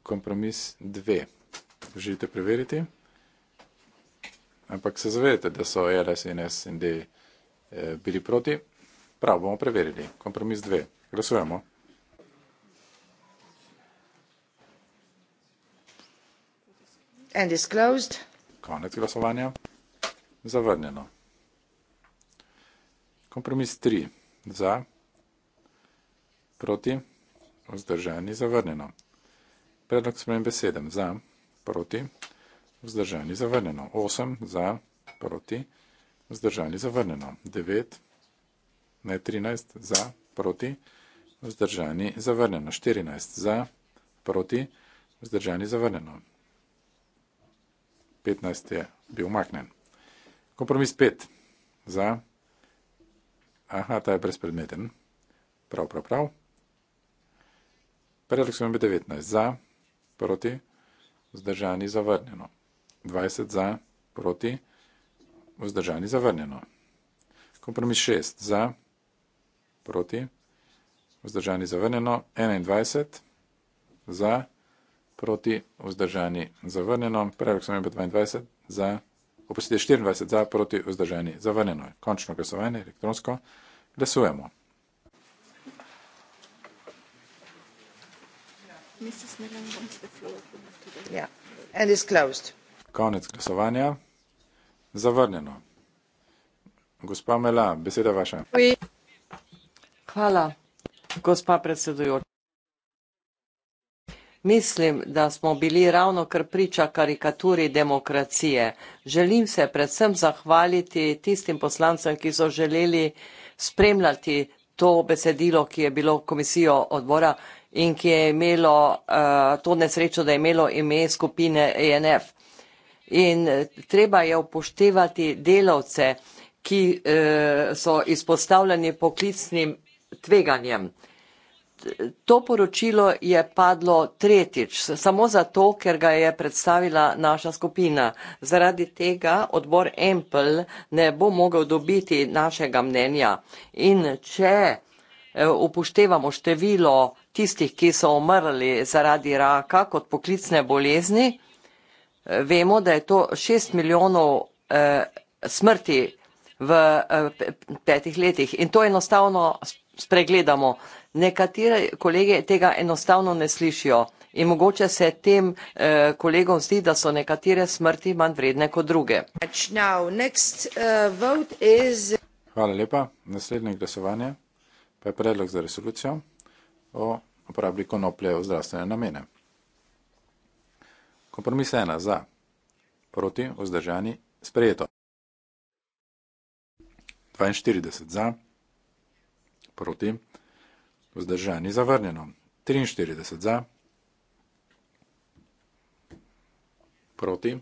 Kompromis dve. Želite preveriti? Ampak se zavedate, da so LS in SND eh, bili proti? Prav, bomo preverili. Kompromis dve. Glasujemo. And is closed. Konec glasovanja. Zavrnjeno. Kompromis tri. Za proti, vzdržani, zavrnjeno. Predlog spremembe 7 za, proti, vzdržani, zavrnjeno. 8 za, proti, vzdržani, zavrnjeno. 9, ne 13, za, proti, vzdržani, zavrnjeno. 14 za, proti, vzdržani, zavrnjeno. 15 je bil umaknen. Kompromis 5 za, aha, ta je brezpredmeten. Prav, prav, prav. Predlog sklepa 19 za, proti, vzdržani, zavrnjeno. 20 za, proti, vzdržani, zavrnjeno. Kompromis 6 za, proti, vzdržani, zavrnjeno. 21 za, proti, vzdržani, zavrnjeno. Predlog sklepa 22 za, opustite 24 za, proti, vzdržani, zavrnjeno. Končno glasovanje elektronsko. Glasujemo. Konec glasovanja. Zavrnjeno. Gospa Mela, beseda vaša. Hvala, gospa predsedujoča. Mislim, da smo bili ravno kar priča karikaturi demokracije. Želim se predvsem zahvaliti tistim poslancem, ki so želeli spremljati to besedilo, ki je bilo komisijo odbora in ki je imelo uh, to nesrečo, da je imelo ime skupine ENF. In eh, treba je upoštevati delavce, ki uh, so izpostavljeni poklicnim tveganjem. To poročilo je padlo tretjič, samo zato, ker ga je predstavila naša skupina. Zaradi tega odbor Empel ne bo mogel dobiti našega mnenja. In če upoštevamo število tistih, ki so umrli zaradi raka kot poklicne bolezni, eh, vemo, da je to 6 milijonov eh, smrti v eh, petih letih. In to enostavno spregledamo. Nekatere kolege tega enostavno ne slišijo. In mogoče se tem eh, kolegom zdi, da so nekatere smrti manj vredne kot druge. Eh, Hvala lepa. Naslednje glasovanje pa je predlog za resolucijo o uporabi konoplje v zdravstvene namene. Kompromis ena za, proti, vzdržani, sprejeto. 42 za, proti, vzdržani, zavrnjeno. 43 za, proti,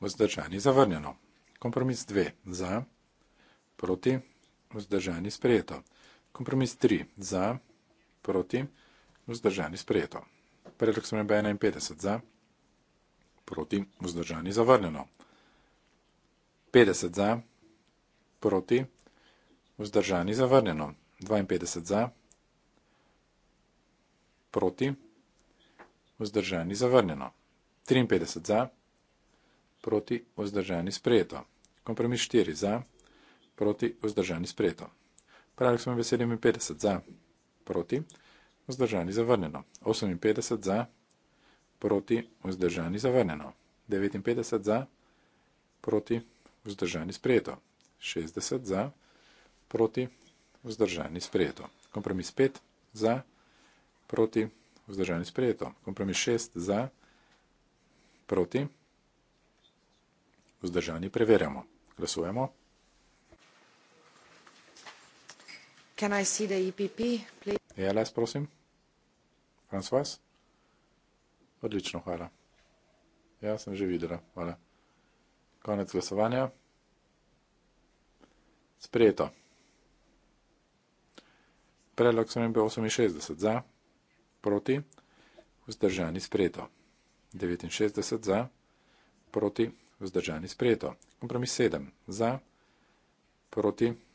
vzdržani, zavrnjeno. Kompromis 2 za, proti, vzdržani, sprejeto. Kompromis 3 za, proti, proti, vzdržani sprejeto. Predlog sprememba 51 za, proti, vzdržani zavrnjeno. 50 za, proti, vzdržani zavrnjeno. 52 za, proti, vzdržani zavrnjeno. 53 za, proti, vzdržani sprejeto. Kompromis 4 za, proti, vzdržani sprejeto. Predlog sprememba 57 za, proti, vzdržani sprejeto proti, vzdržani zavrnjeno. 58 za, proti, vzdržani zavrnjeno. 59 za, proti, vzdržani sprejeto. 60 za, proti, vzdržani sprejeto. Kompromis 5 za, proti, vzdržani sprejeto. Kompromis 6 za, proti, vzdržani preverjamo. Glasujemo. Can I see the EPP, please? ELS, prosim. François? Odlično, hvala. Ja, sem že videla, hvala. Konec glasovanja. Sprejeto. Predlog sem imel 68 za, proti, vzdržani sprejeto. 69 za, proti, vzdržani sprejeto. Kompromis 7 za, proti, vzdržani sprejeto.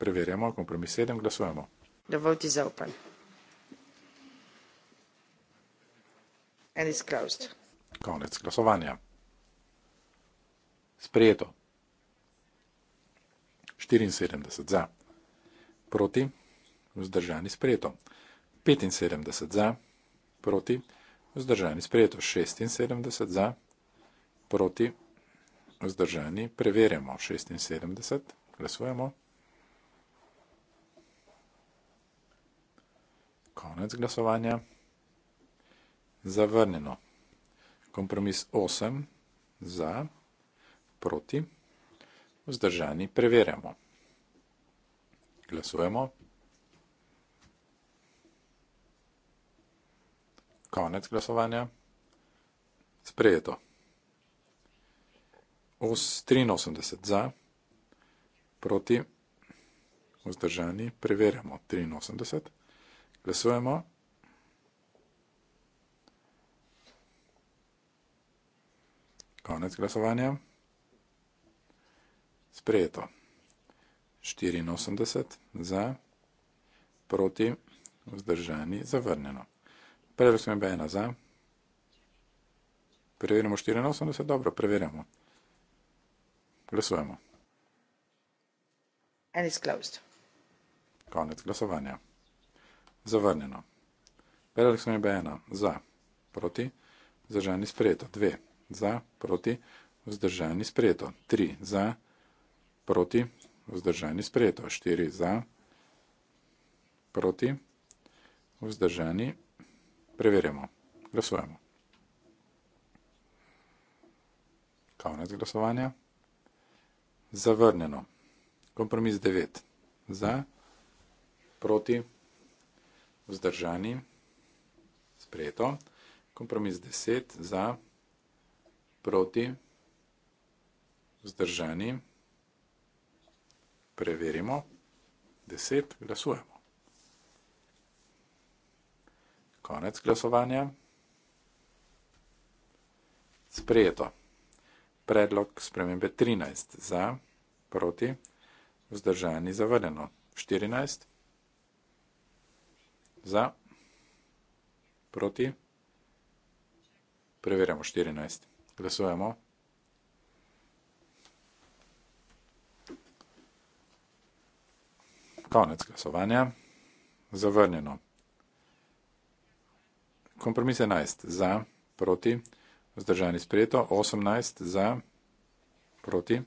Preverjamo kompromis 7, glasujemo. Dovolj ti zaupam. Konec glasovanja. Sprejeto. 74 za, proti, vzdržani sprejeto. 75 za, proti, vzdržani sprejeto. 76 za, proti, vzdržani. Preverjamo. 76, glasujemo. Konec glasovanja. Zavrnjeno. Kompromis 8 za, proti, vzdržani preverjamo. Glasujemo. Konec glasovanja. Sprejeto. 83 za, proti, vzdržani preverjamo. 83 za. Glasujemo. Konec glasovanja. Sprejeto. 84 za, proti, vzdržani, zavrnjeno. Predlog smo ena za. Preverimo 84, dobro, preverjamo. Glasujemo. And it's closed. Konec glasovanja zavrnjeno. Predlog sprememb je ena za, proti, vzdržani sprejeto, dve za, proti, vzdržani sprejeto, tri za, proti, vzdržani sprejeto, štiri za, proti, vzdržani, preverjamo, glasujemo. Konec glasovanja. Zavrnjeno. Kompromis 9. Za, proti, vzdržani sprejeto vzdržani, sprejeto, kompromis 10 za, proti, vzdržani, preverimo, 10 glasujemo. Konec glasovanja, sprejeto, predlog spremembe 13 za, proti, vzdržani, zavrljeno, 14, Za. Proti. Preverjamo 14. Glasujemo. Konec glasovanja. Zavrnjeno. Kompromis 11. Za. Proti. Vzdržani sprejeto. 18. Za. Proti.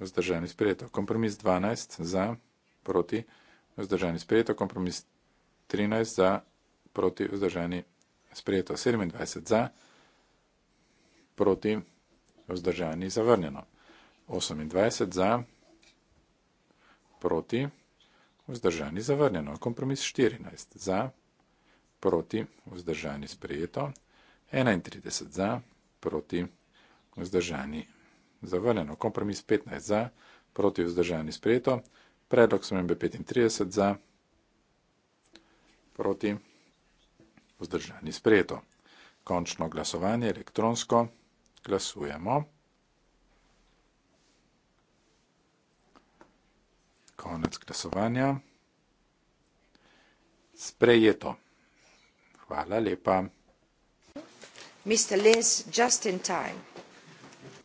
Vzdržani sprejeto. Kompromis 12. Za. Proti. Vzdržani sprejeto. Kompromis 13. 13 za, proti vzdržani, sprejeto 27 za, proti vzdržani, zavrnjeno 28 za, proti vzdržani, zavrnjeno kompromis 14 za, proti vzdržani, sprejeto 31 za, proti vzdržani, zavrnjeno kompromis 15 za, proti vzdržani, sprejeto predlog smembe 35 za, proti, vzdržani sprejeto. Končno glasovanje elektronsko glasujemo. Konec glasovanja. Sprejeto. Hvala lepa. Mr. Linz, just in time.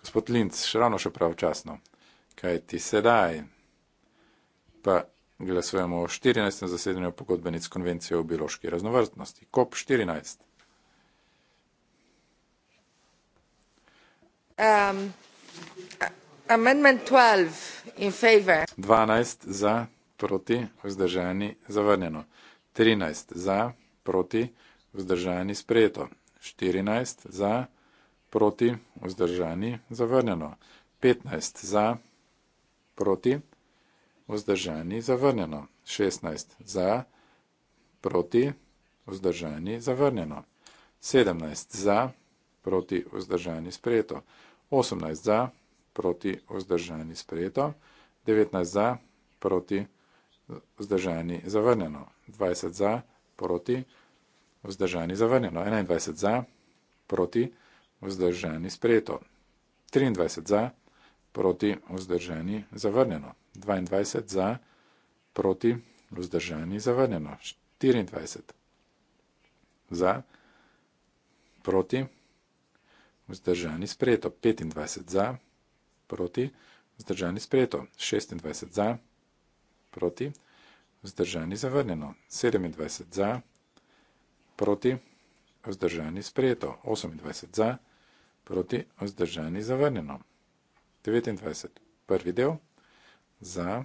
Gospod Linz, še ravno še pravčasno. Kaj ti sedaj? Pa Glasujemo o 14. zasedanju pogodbenic konvencije o biološki raznovrstnosti. COP 14. Um, amendment 12 in favor. 12 za, proti, vzdržani, zavrnjeno. 13 za, proti, vzdržani, sprejeto. 14 za, proti, vzdržani, zavrnjeno. 15 za, proti, vzdržani, zavrnjeno vzdržani, zavrnjeno. 16 za, proti, vzdržani, zavrnjeno. 17 za, proti, vzdržani, sprejeto. 18 za, proti, vzdržani, sprejeto. 19 za, proti, vzdržani, zavrnjeno. 20 za, proti, vzdržani, zavrnjeno. 21 za, proti, vzdržani, sprejeto. 23 za, proti, vzdržani, sprejeto proti vzdržani zavrnjeno. 22 za proti vzdržani zavrnjeno. 24 za proti vzdržani sprejeto. 25 za proti vzdržani sprejeto. 26 za proti vzdržani zavrnjeno. 27 za proti vzdržani sprejeto. 28 za proti vzdržani zavrnjeno. 29. Prvi del za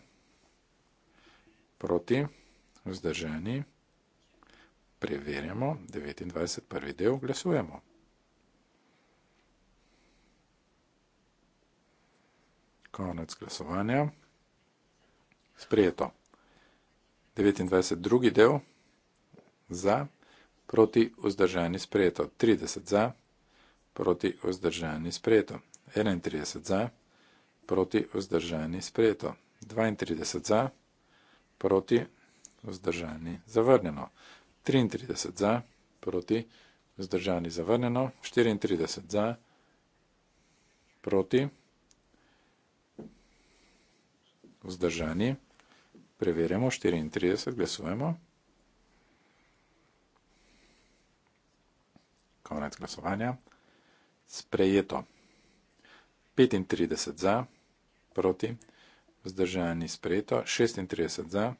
proti vzdržani preverjamo 29. Prvi del glasujemo. Konec glasovanja. Sprejeto. 29. Drugi del za proti vzdržani sprejeto. 30 za proti vzdržani sprejeto. 31 za proti vzdržani sprejeto proti vzdržani sprejeto. 32 za, proti vzdržani zavrnjeno. 33 za, proti vzdržani zavrnjeno. 34 za, proti vzdržani. Preverjamo 34, glasujemo. Konec glasovanja. Sprejeto. 35 za, proti vzdržani zavrnjeno proti, vzdržani sprejeto, 36 za,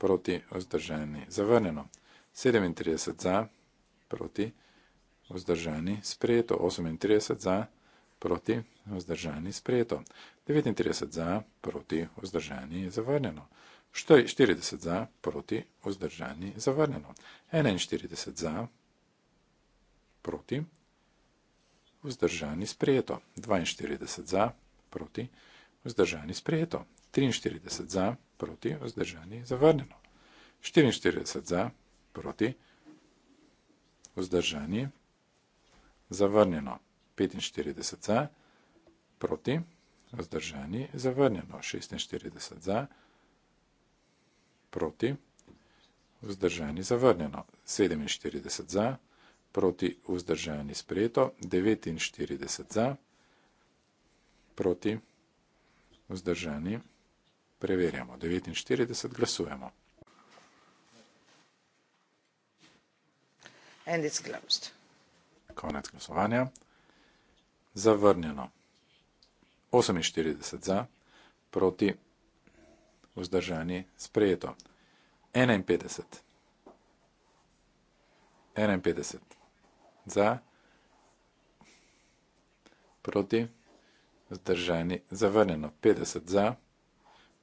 proti, vzdržani zavrnjeno, 37 za, proti, vzdržani sprejeto, 38 za, proti, vzdržani sprejeto, 39 za, proti, vzdržani zavrnjeno, 40 za, proti, vzdržani zavrnjeno, 41 za, proti, vzdržani sprejeto, 42 za, proti, vzdržani sprejeto, vzdržani sprejeto, 43 za, proti, vzdržani zavrnjeno, 44 za, proti, vzdržani zavrnjeno, 45 za, proti, vzdržani zavrnjeno, 46 za, proti, vzdržani zavrnjeno, 47 za, proti, vzdržani sprejeto, 49 za, proti, vzdržani zavrnjeno, vzdržani. Preverjamo. 49 glasujemo. And it's closed. Konec glasovanja. Zavrnjeno. 48 za, proti vzdržani sprejeto. 51. 51 za, proti vzdržani sprejeto vzdržani zavrnjeno, 50 za,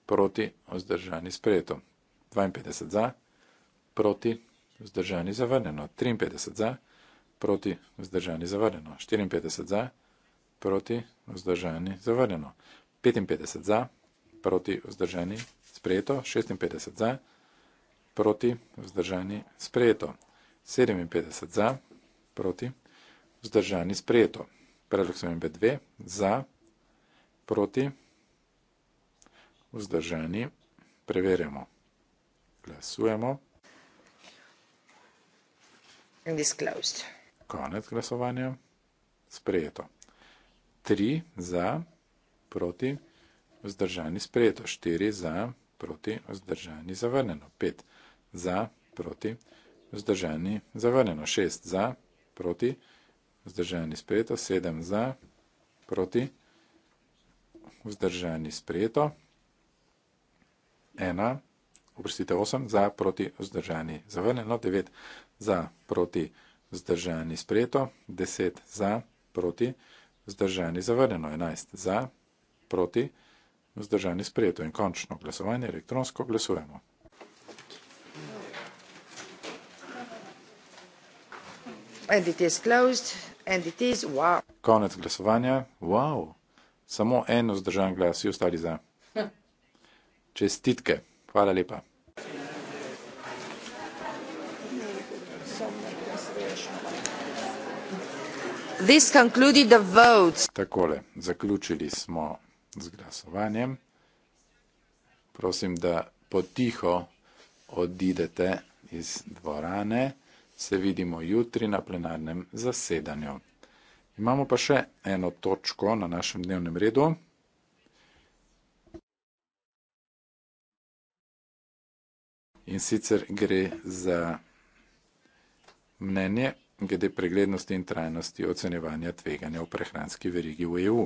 proti vzdržani sprejeto, 52 za, proti vzdržani zavrnjeno, 53 za, proti vzdržani zavrnjeno, 54 za, proti vzdržani zavrnjeno, 55 za, proti vzdržani sprejeto, 56 za, proti vzdržani sprejeto, 57 za, proti vzdržani sprejeto. Predlog sem imel 2 za proti, vzdržani, preverjamo, glasujemo. Disclosed. Konec glasovanja, sprejeto. Tri za, proti, vzdržani, sprejeto. Štiri za, proti, vzdržani, zavrneno. Pet za, proti, vzdržani, zavrneno. Šest za, proti, vzdržani, sprejeto. Sedem za, proti, vzdržani, zavrneno vzdržani, sprejeto. Ena, oprostite, osem, za, proti, vzdržani, zavrnjeno. Devet, za, proti, vzdržani, sprejeto. Deset, za, proti, vzdržani, zavrnjeno. Enajst, za, proti, vzdržani, sprejeto. In končno glasovanje, elektronsko glasujemo. And it is closed, and it is wow. Konec glasovanja, wow. Samo en vzdržan glas, vsi ostali za. Čestitke, hvala lepa. Takole, zaključili smo z glasovanjem. Prosim, da potiho odidete iz dvorane. Se vidimo jutri na plenarnem zasedanju. Imamo pa še eno točko na našem dnevnem redu. In sicer gre za mnenje glede preglednosti in trajnosti ocenevanja tveganja v prehranski verigi v EU.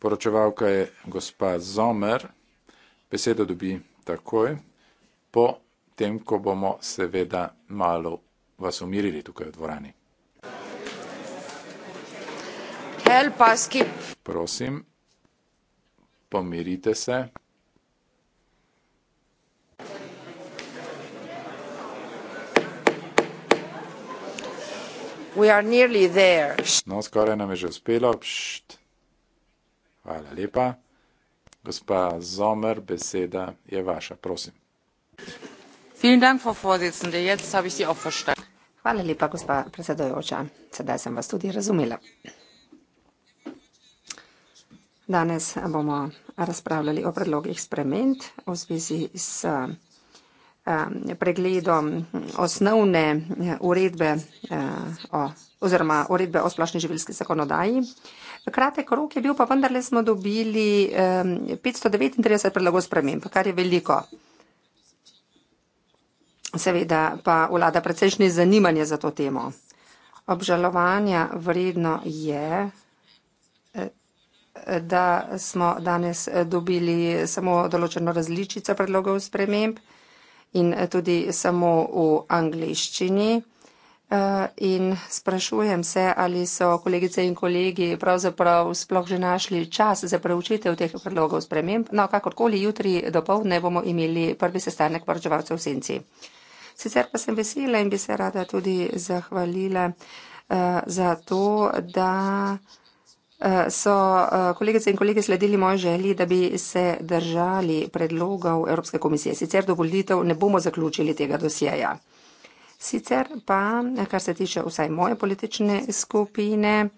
Poročevalka je gospa Zomer. Besedo dobi takoj, po tem, ko bomo seveda malo vas umirili tukaj v dvorani. Help us, keep... Prosim, pomirite se. We are nearly there. No, skoraj nam je že uspelo. Pšt. Hvala lepa. Gospa Zomer, beseda je vaša, prosim. Hvala lepa, gospa predsedojoča. Sedaj sem vas tudi razumela. Danes bomo razpravljali o predlogih sprememb v zvezi s um, pregledom osnovne eh, uredbe eh, o, oziroma uredbe o splošni živilski zakonodaji. Kratek rok je bil, pa vendarle smo dobili 539 um, predlogov sprememb, kar je veliko. Seveda pa vlada precejšnje zanimanje za to temo. Obžalovanja vredno je, da smo danes eh, dobili samo določeno različico predlogov sprememb in eh, tudi samo v angliščini. Eh, in sprašujem se, ali so kolegice in kolegi pravzaprav sploh že našli čas za preučitev teh predlogov sprememb. No, kakorkoli, jutri do pol ne bomo imeli prvi sestanek poročevalcev v senci. Sicer pa sem vesela in bi se rada tudi zahvalila uh, za to, da uh, Eh, so eh, kolegice in kolege sledili moji želji, da bi se držali predlogov Evropske komisije. Sicer do volitev ne bomo zaključili tega dosjeja. Sicer pa, kar se tiče vsaj moje politične skupine,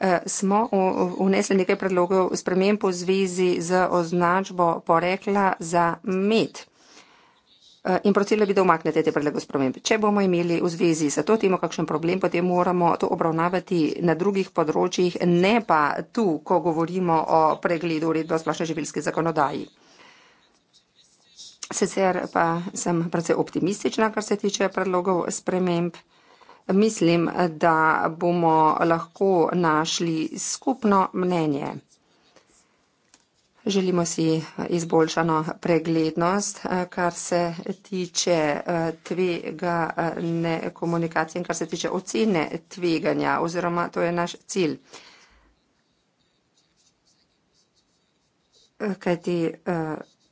eh, smo unesli nekaj predlogov sprememb v zvezi z označbo porekla za med. Eh, in prosila bi, da umaknete te predloge spremembe. Če bomo imeli v zvezi z to temo kakšen problem, potem moramo to obravnavati na drugih področjih, ne pa tu, ko govorimo o pregledu uredbe o splošne živilske zakonodaji. Sicer pa sem precej optimistična, kar se tiče predlogov sprememb. Mislim, da bomo lahko našli skupno mnenje. Želimo si eh, izboljšano preglednost, eh, kar se tiče eh, tvega ne komunikacije in kar se tiče ocene tveganja oziroma to je naš cilj. Kajti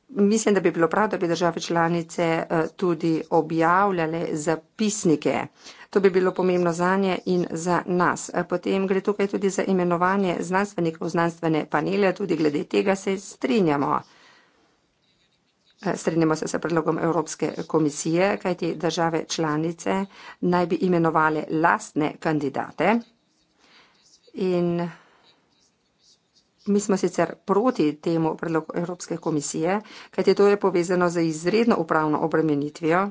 mislim, da bi bilo prav, da bi države članice tudi objavljale zapisnike. To bi bilo pomembno za nje in za nas. Potem gre tukaj tudi za imenovanje znanstvenikov znanstvene panele, tudi glede tega se strinjamo. Strinjamo se s predlogom Evropske komisije, kajti države članice naj bi imenovali lastne kandidate. In mi smo sicer proti temu predlogu Evropske komisije, kajti to je povezano z izredno upravno obremenitvijo.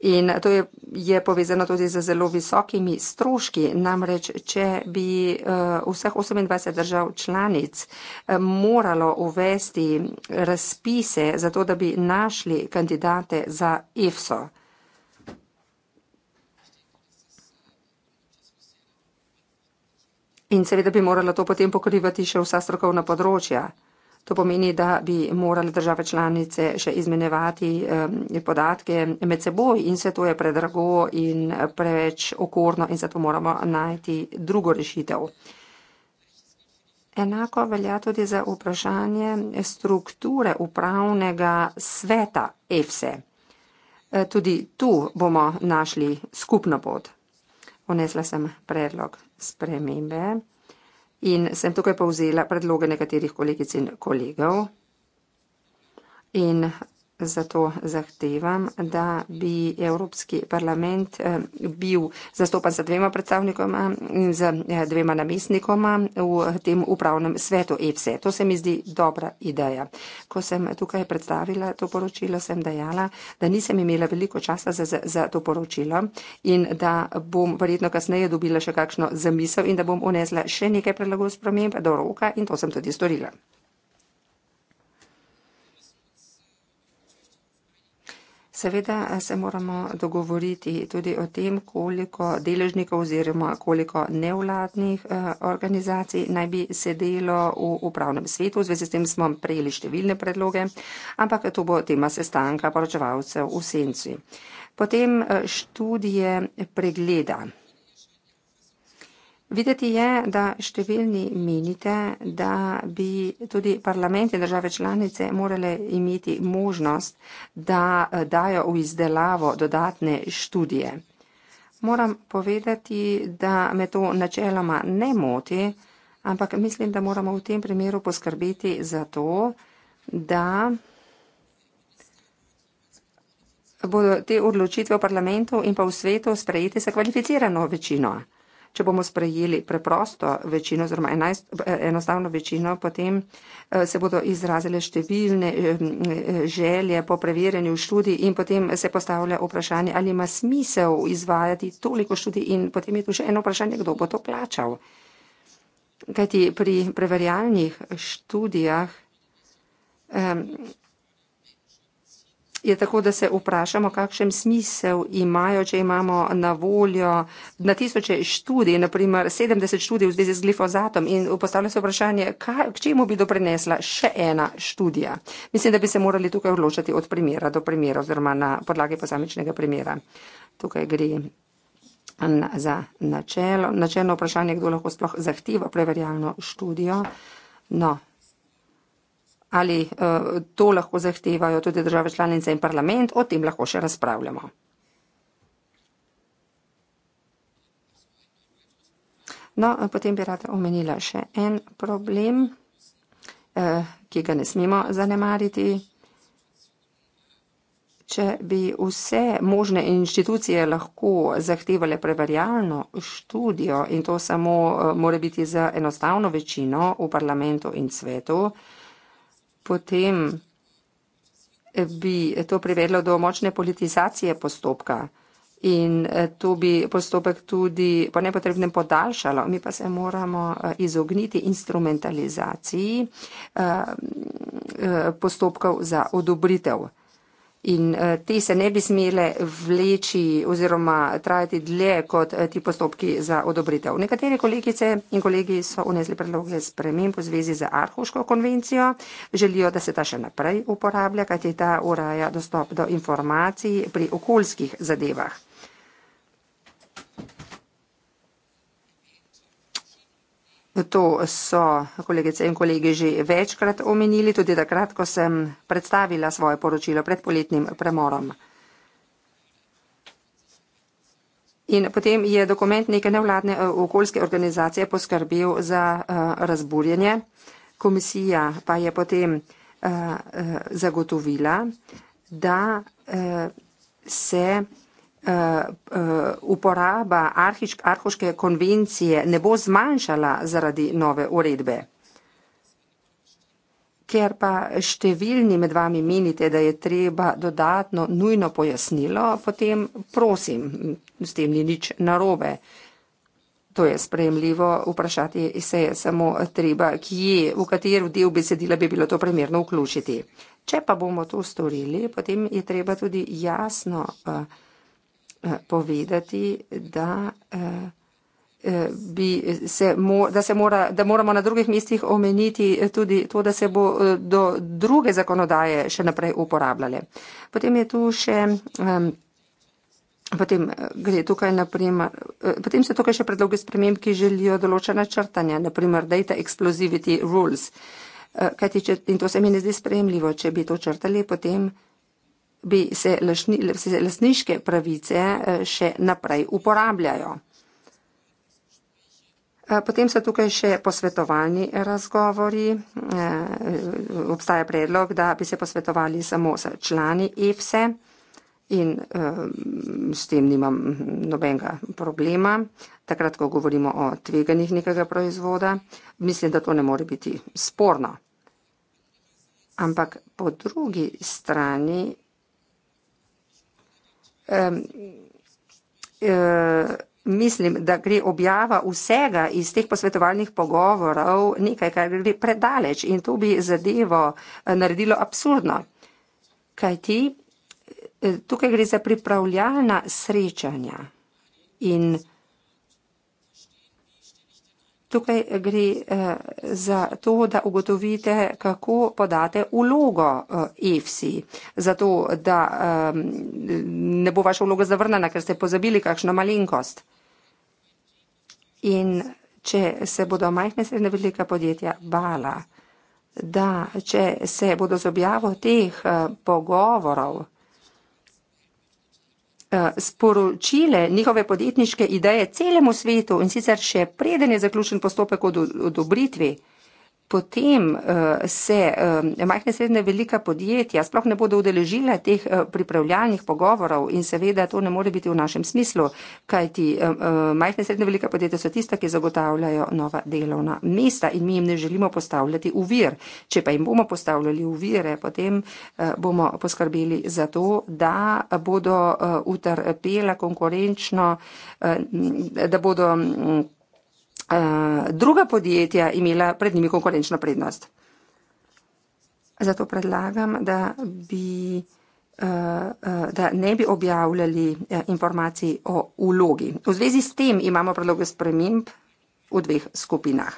In to je, je povezano tudi z zelo visokimi stroški. Namreč, če bi uh, vseh 28 držav članic uh, moralo uvesti razpise za to, da bi našli kandidate za EFSO. In seveda bi moralo to potem pokrivati še vsa strokovna področja. To pomeni, da bi morali države članice še izmenjevati podatke med seboj in se to je predrago in preveč okorno in zato moramo najti drugo rešitev. Enako velja tudi za vprašanje strukture upravnega sveta EFSE. E, tudi tu bomo našli skupno pot. Unesla sem predlog spremembe. In sem tukaj povzela predloge nekaterih kolegic in kolegov. In Zato zahtevam, da bi Evropski parlament eh, bil zastopan za dvema predstavnikoma in za eh, dvema namestnikoma v tem upravnem svetu EPSE. E. To se mi zdi dobra ideja. Ko sem tukaj predstavila to poročilo, sem dejala, da nisem imela veliko časa za, za to poročilo in da bom verjetno kasneje dobila še kakšno zamisel in da bom unesla še nekaj predlogov sprememb do roka in to sem tudi storila. Seveda se moramo dogovoriti tudi o tem, koliko deležnikov oziroma koliko nevladnih eh, organizacij naj bi sedelo v upravnem svetu. V zvezi s tem smo prejeli številne predloge, ampak to bo tema sestanka poročevalcev v senci. Potem eh, študije pregleda. Videti je, da številni menite, da bi tudi parlamenti in države članice morale imeti možnost, da eh, dajo v izdelavo dodatne študije. Moram povedati, da me to načeloma ne moti, ampak mislim, da moramo v tem primeru poskrbeti za to, da bodo te odločitve v parlamentu in pa v svetu sprejete sa kvalificirano večino če bomo sprejeli preprosto večino oziroma enostavno večino, potem eh, se bodo izrazile številne eh, eh, želje po preverjanju študij in potem se postavlja vprašanje, ali ima smisel izvajati toliko študij in potem je tu še eno vprašanje, kdo bo to plačal. Kajti pri preverjalnih študijah. Um, je tako, da se vprašamo, kakšen smisel imajo, če imamo na voljo na tisoče študij, naprimer 70 študij v zvezi z glifozatom in postavlja se vprašanje, kaj, k čemu bi doprinesla še ena študija. Mislim, da bi se morali tukaj odločiti od primera do primera oziroma na podlagi posamičnega primera. Tukaj gre. Na, za načelo. načelno vprašanje, kdo lahko sploh zahteva preverjalno študijo. No, ali eh, to lahko zahtevajo tudi države članice in parlament, o tem lahko še razpravljamo. No, eh, potem bi rada omenila še en problem, eh, ki ga ne smemo zanemariti. Če bi vse možne inštitucije lahko zahtevale preverjalno študijo in to samo more biti za enostavno večino v parlamentu in svetu, potem bi to privedlo do močne politizacije postopka in eh, to bi postopek tudi po nepotrebnem podaljšalo. Mi pa se moramo eh, izogniti instrumentalizaciji eh, postopkov za odobritev. In eh, te se ne bi smele vleči oziroma trajati dlje kot eh, ti postopki za odobritev. Nekatere kolegice in kolegi so unesli predloge sprememb v zvezi z Arhuško konvencijo. Želijo, da se ta še naprej uporablja, kajti ta uraja dostop do informacij pri okoljskih zadevah. To so kolegice in kolegi že večkrat omenili, tudi takrat, ko sem predstavila svoje poročilo pred poletnim premorom. In potem je dokument neke nevladne eh, okoljske organizacije poskrbel za eh, razburjenje. Komisija pa je potem eh, zagotovila, da se vsega, Eh, eh, uporaba arhoške konvencije ne bo zmanjšala zaradi nove uredbe. Ker pa številni med vami menite, da je treba dodatno nujno pojasnilo, potem prosim, s tem ni nič narobe. To je spremljivo vprašati, se je samo treba, kje, v kateri del besedila bi bilo to primerno vključiti. Če pa bomo to storili, potem je treba tudi jasno uh, Eh, povedati, da, eh, eh, bi se, da, se mora, da moramo na drugih mestih omeniti tudi to, da se bo do druge zakonodaje še naprej uporabljale. Potem je tu še. Potem, naprimer, potem so tukaj še predloge sprememb, ki želijo določena črtanja, naprimer data explosivity rules. Kajti, če, in to se mi ne zdi spremljivo, če bi to črtali, potem uh, bi se lasniške pravice eh, še naprej uporabljajo. Eh, potem so tukaj še posvetovalni razgovori. Eh, obstaja predlog, da bi se posvetovali samo s člani EFSE in s tem nimam nobenega problema. Takrat, ko govorimo o tveganjih nekega proizvoda, mislim, da to ne more biti sporno. Ampak po drugi strani E, mislim, da gre objava vsega iz teh posvetovalnih pogovorov nekaj, kar gre predaleč in to bi zadevo e, naredilo absurdno. Kaj ti? E, tukaj gre za pripravljalna srečanja in Tukaj eh, gre eh, za to, da ugotovite, kako podate vlogo EFSI, eh, e zato da ne bo vaša vloga zavrnjena, ker ste pozabili kakšno malenkost. In če se bodo majhne srednje velika podjetja bala, da če se bodo z objavo teh pogovorov, Eh, sporočile njihove podjetniške ideje celemu svetu in sicer še preden je zaključen postopek o odobritvi potem eh, se eh, majhne srednje velika podjetja sploh ne bodo udeležile teh eh, pripravljalnih pogovorov in seveda to ne more biti v našem smislu, kajti majhne srednje velika podjetja so tista, ki zagotavljajo nova delovna mesta in mi jim ne želimo postavljati uvir. Če pa jim bomo postavljali uvire, potem bomo poskrbeli za to, da bodo utrpela konkurenčno, da bodo mm, Eh, druga podjetja imela pred njimi konkurenčno prednost. Zato predlagam, da, bi, eh, eh, da ne bi objavljali informacij o ulogi. V zvezi s tem imamo predloge sprememb v dveh skupinah.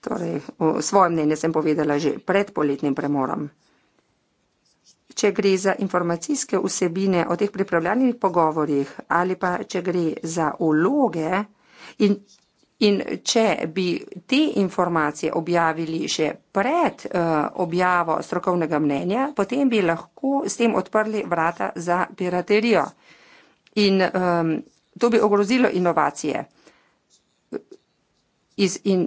Torej, svoje mnenje sem povedala že pred poletnim premorom. Če gre za informacijske vsebine o teh pripravljalnih pogovorjih ali pa če gre za uloge in In če bi te informacije objavili že pred uh, objavo strokovnega mnenja, potem bi lahko s tem odprli vrata za piraterijo. In um, to bi ogrozilo inovacije. Iz, in,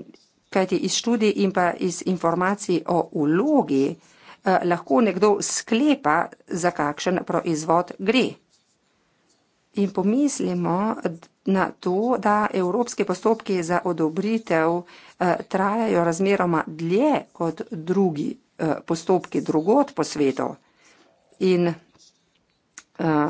kajti iz študij in pa iz informacij o vlogi uh, lahko nekdo sklepa, za kakšen proizvod gre in pomislimo na to, da evropski postopki za odobritev eh, trajajo razmeroma dlje kot drugi eh, postopki drugot po svetu. In eh,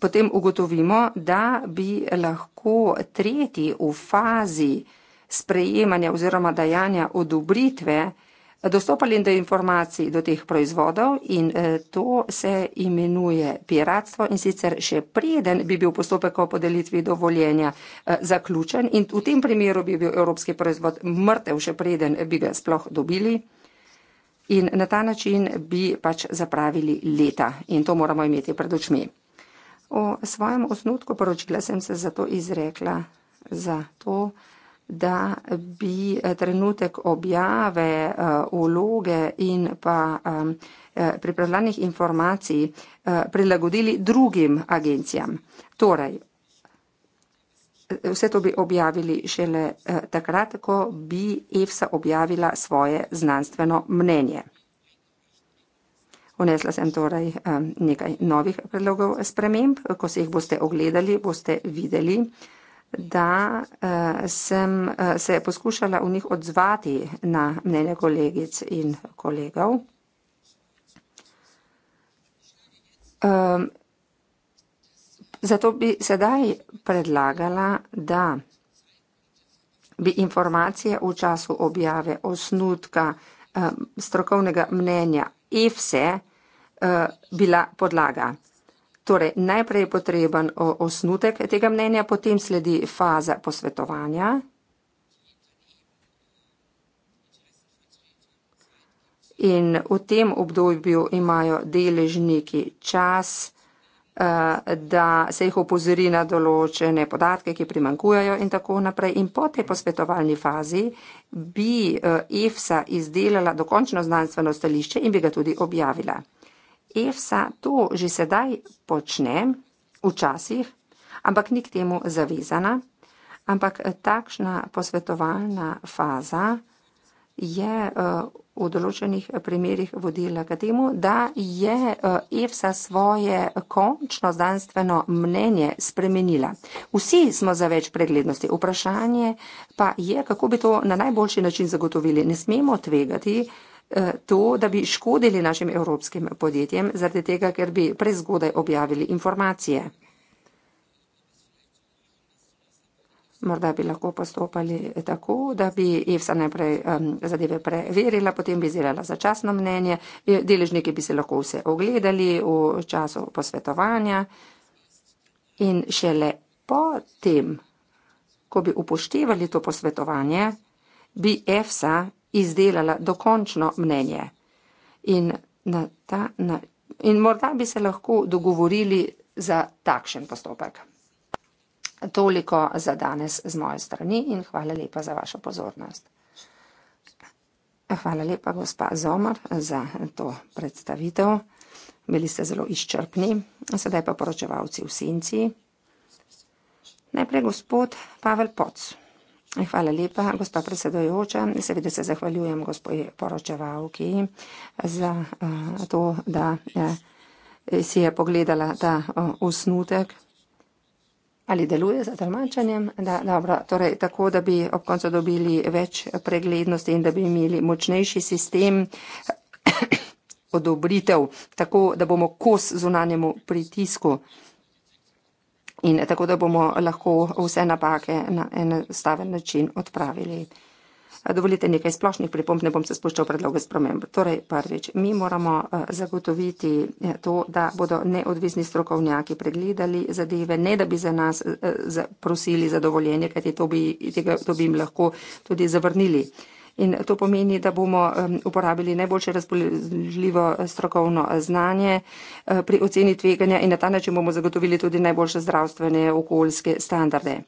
potem ugotovimo, da bi lahko tretji v fazi sprejemanja oziroma dajanja odobritve dostopali do informacij do teh proizvodov in eh, to se imenuje piratstvo in sicer še preden bi bil postopek o podelitvi dovoljenja eh, zaključen in v tem primeru bi bil evropski proizvod mrtev, še preden bi ga sploh dobili in na ta način bi pač zapravili leta in to moramo imeti pred očmi. O svojem osnutku poročila sem se zato izrekla za to, da bi eh, trenutek objave eh, vloge in pa eh, pripravljanih informacij prilagodili drugim agencijam. Torej, vse to bi objavili šele takrat, ko bi EFSA objavila svoje znanstveno mnenje. Unesla sem torej nekaj novih predlogov sprememb, ko se jih boste ogledali, boste videli, da da eh, sem eh, se poskušala v njih odzvati na mnenje kolegic in kolegov. Ehm, zato bi sedaj predlagala, da bi informacije v času objave osnutka eh, strokovnega mnenja IFSE bila podlaga. Torej, najprej je potreben osnutek tega mnenja, potem sledi faza posvetovanja. In v tem obdobju imajo deležniki čas, eh, da se jih opozori na določene podatke, ki primankujajo in tako naprej. In po tej posvetovalni fazi bi eh, EFSA izdelala dokončno znanstveno stališče in bi ga tudi objavila. EFSA to že sedaj počnem, včasih, ampak ni k temu zavezana, ampak eh, takšna posvetovalna faza je eh, v določenih eh, primerjih vodila k temu, da je EFSA svoje končno znanstveno mnenje spremenila. Vsi smo za več preglednosti. Vprašanje pa je, kako bi to na najboljši način zagotovili. Ne smemo tvegati, Eh, to, da bi škodili našim evropskim podjetjem, zaradi tega, ker bi prezgodaj objavili informacije. Morda bi lahko postopali tako, da bi EFSA najprej um, zadeve preverila, potem bi izdelala začasno mnenje, eh, deležniki bi se lahko vse ogledali v času posvetovanja in šele potem, ko bi upoštevali to posvetovanje, bi EFSA izdelala dokončno mnenje. In, na ta, na, in morda bi se lahko dogovorili za takšen postopek. Toliko za danes z moje strani in hvala lepa za vašo pozornost. Hvala lepa, gospa Zomar, za to predstavitev. Bili ste zelo izčrpni, sedaj pa poročevalci v senci. Najprej gospod Pavel Poc. Hvala lepa, gospa predsedojoča. Seveda se zahvaljujem gospodi poročevalki za eh, to, da eh, si je pogledala ta eh, osnutek. Ali deluje za tolmačanjem? Da, dobro. Torej, tako, da bi ob koncu dobili več preglednosti in da bi imeli močnejši sistem odobritev, tako, da bomo kos zunanjemu pritisku in tako da bomo lahko vse napake na enostaven način odpravili. Dovolite nekaj splošnih pripomp, ne bom se spuščal predloge sprememb. Torej, prvič, mi moramo eh, zagotoviti eh, to, da bodo neodvisni strokovnjaki pregledali zadeve, ne da bi za nas eh, prosili za dovoljenje, kajti to bi, to bi jim lahko tudi zavrnili in to pomeni, da bomo uporabili najboljše razpoložljivo eh, strokovno eh, znanje eh, pri oceni tveganja in na ta način bomo zagotovili tudi najboljše zdravstvene okoljske standarde.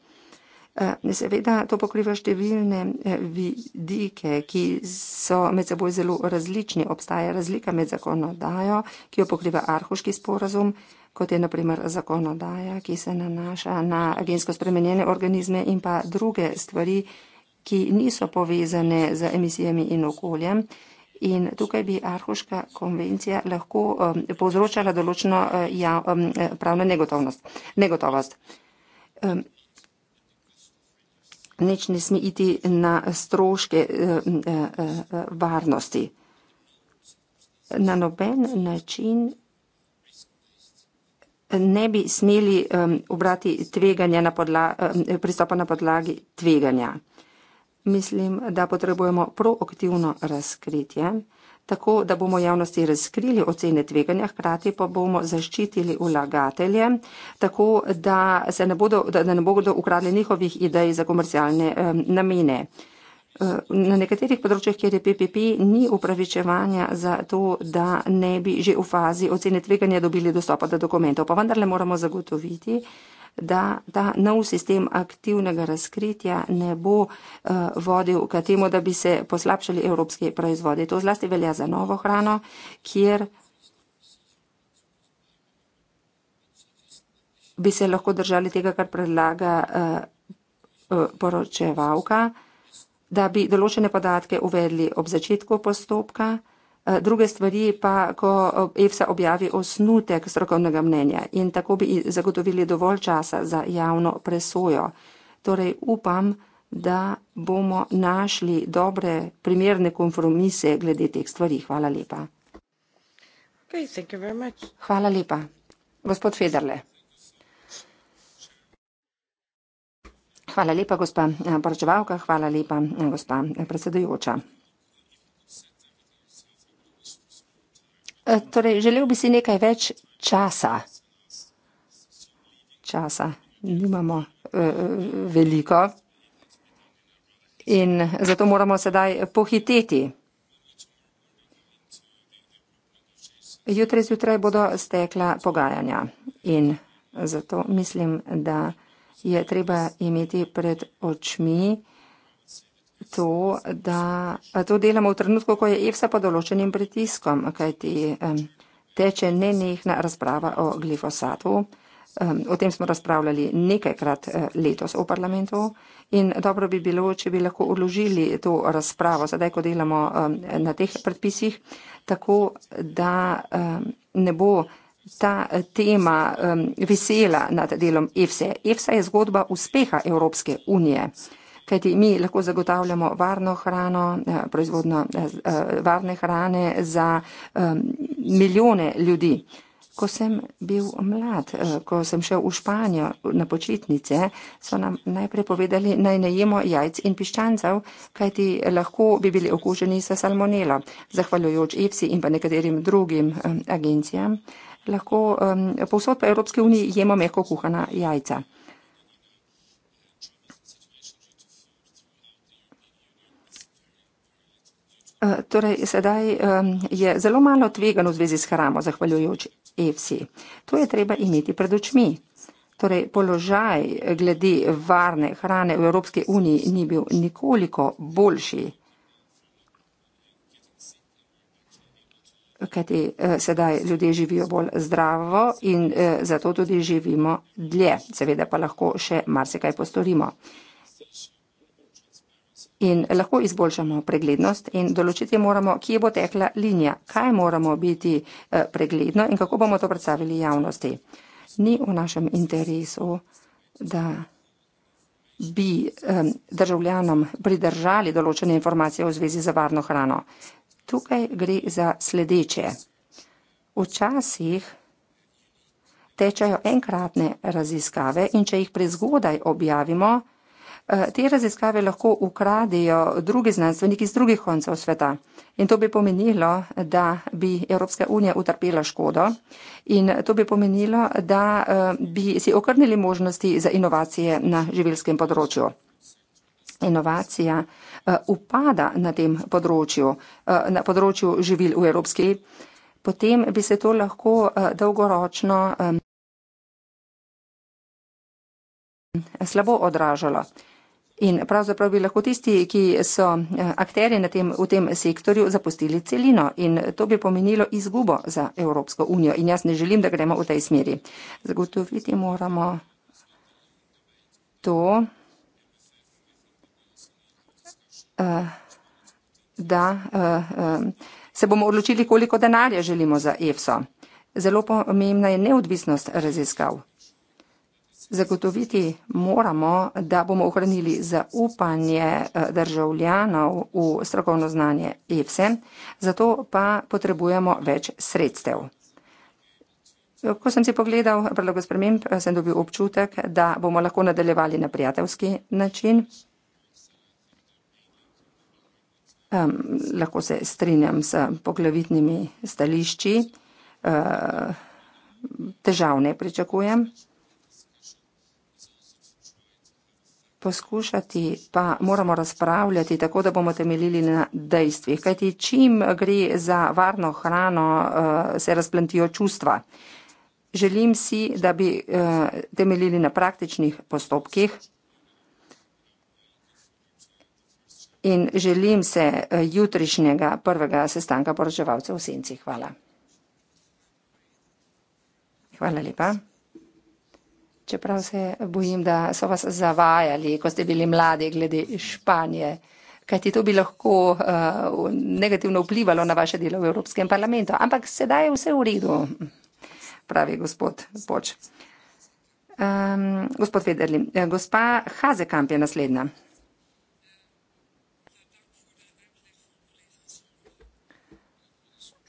Seveda to pokriva številne vidike, ki so med seboj zelo različni. Obstaja razlika med zakonodajo, ki jo pokriva arhuški sporazum, kot je naprimer zakonodaja, ki se nanaša na gensko spremenjene organizme in pa druge stvari, ki niso povezane z emisijami in okoljem. In tukaj bi Arhuška konvencija lahko um, povzročala določeno uh, ja, um, pravno negotovost. Um, nič ne sme iti na stroške uh, uh, uh, varnosti. Na noben način ne bi smeli um, obrati tveganja na podla, um, pristopa na podlagi tveganja. Mislim, da potrebujemo proaktivno razkritje, tako da bomo javnosti razkrili ocene tveganja, hkrati pa bomo zaščitili vlagatelje, tako da, ne bodo, da ne bodo ukradli njihovih idej za komercialne namene. E, na nekaterih področjih, kjer je PPP, ni upravičevanja za to, da ne bi že v fazi ocene tveganja dobili dostopa do dokumentov, pa vendarle moramo zagotoviti, da ta nov sistem aktivnega razkritja ne bo uh, vodil k temu, da bi se poslabšali evropski proizvodi. To zlasti velja za novo hrano, kjer bi se lahko držali tega, kar predlaga uh, uh, poročevalka, da bi določene podatke uvedli ob začetku postopka. Eh, druge stvari pa, ko eh, EFSA objavi osnutek strokovnega mnenja in tako bi zagotovili dovolj časa za javno presojo. Torej upam, da bomo našli dobre, primerne kompromise glede teh stvari. Hvala lepa. Okay, Hvala lepa. Gospod Federle. Hvala lepa, gospa eh, poročevalka. Hvala lepa, gospa predsedujoča. Eh, torej, želel bi si nekaj več časa. Časa nimamo uh, veliko in zato moramo sedaj pohiteti. Jutri zjutraj bodo stekla pogajanja in zato mislim, da je treba imeti pred očmi to, da to delamo v trenutku, ko je EFSA pod določenim pritiskom, kajti teče nenehna razprava o glifosatu. O tem smo razpravljali nekajkrat eh, letos v parlamentu in dobro bi bilo, če bi lahko odložili to razpravo, sedaj, ko delamo na teh predpisih, tako da ne bo ta tema vesela nad delom EFSE. EFSA je zgodba uspeha Evropske unije kajti mi lahko zagotavljamo varno hrano, eh, proizvodno eh, eh, varne hrane za milijone ljudi. Ko sem bil mlad, ko sem šel v Španijo na počitnice, so nam najprej povedali, naj ne jemo jajc in piščancev, kajti lahko bi bili okuženi sa salmonelo. Zahvaljujoč EFSI in pa nekaterim drugim agencijam, lahko um, povsod po Evropski uniji jemo mehko kuhana jajca. Eh, torej, sedaj je zelo malo tvegano v zvezi s hramo, zahvaljujoč EFSI. To je treba imeti pred očmi. Torej, položaj glede varne hrane v Evropski uniji ni bil nikoliko boljši. Kajti eh, sedaj ljudje živijo bolj zdravo in eh, zato tudi živimo dlje. Seveda pa lahko še marsikaj postorimo in lahko izboljšamo preglednost in določiti moramo, kje bo tekla linija, kaj moramo biti eh, pregledno in kako bomo to predstavili javnosti. Ni v našem interesu, da bi eh, državljanom pridržali določene informacije v zvezi za varno hrano. Tukaj gre za sledeče. Včasih tečajo enkratne raziskave in če jih prezgodaj objavimo, Te raziskave lahko ukradijo drugi znanstveniki z drugih koncev sveta. In to bi pomenilo, da bi Evropska unija utrpela škodo in to bi pomenilo, da eh, bi si okrnili možnosti za inovacije na živilskem področju. Inovacija eh, upada na tem področju, eh, na področju živil v Evropski, potem bi se to lahko dolgoročno. Slabo odražalo. In pravzaprav bi lahko tisti, ki so eh, akteri tem, v tem sektorju, zapustili celino in to bi pomenilo izgubo za Evropsko unijo in jaz ne želim, da gremo v tej smeri. Zagotoviti moramo to, eh, da eh, se bomo odločili, koliko denarja želimo za EFSO. Zelo pomembna je neodvisnost raziskav. Zagotoviti moramo, da bomo ohranili zaupanje eh, državljanov v strokovno znanje EFSE, zato pa potrebujemo več sredstev. Ko sem si pogledal predlog sprememb, eh, sem dobil občutek, da bomo lahko nadaljevali na prijateljski način. Um, lahko se strinjam s poglavitnimi stališči, uh, eh, težav ne pričakujem. poskušati pa moramo razpravljati tako, da bomo temeljili na dejstvih. Kajti čim gre za varno hrano, eh, se razplantijo čustva. Želim si, da bi eh, temeljili na praktičnih postopkih. In želim se eh, jutrišnjega prvega sestanka poročevalcev v Senci. Hvala. Hvala lepa. Čeprav se bojim, da so vas zavajali, ko ste bili mladi glede Španije, kajti to bi lahko uh, negativno vplivalo na vaše delo v Evropskem parlamentu. Ampak sedaj je vse v redu, pravi gospod Poč. Um, gospod Federli, eh, gospa Hazekamp je naslednja.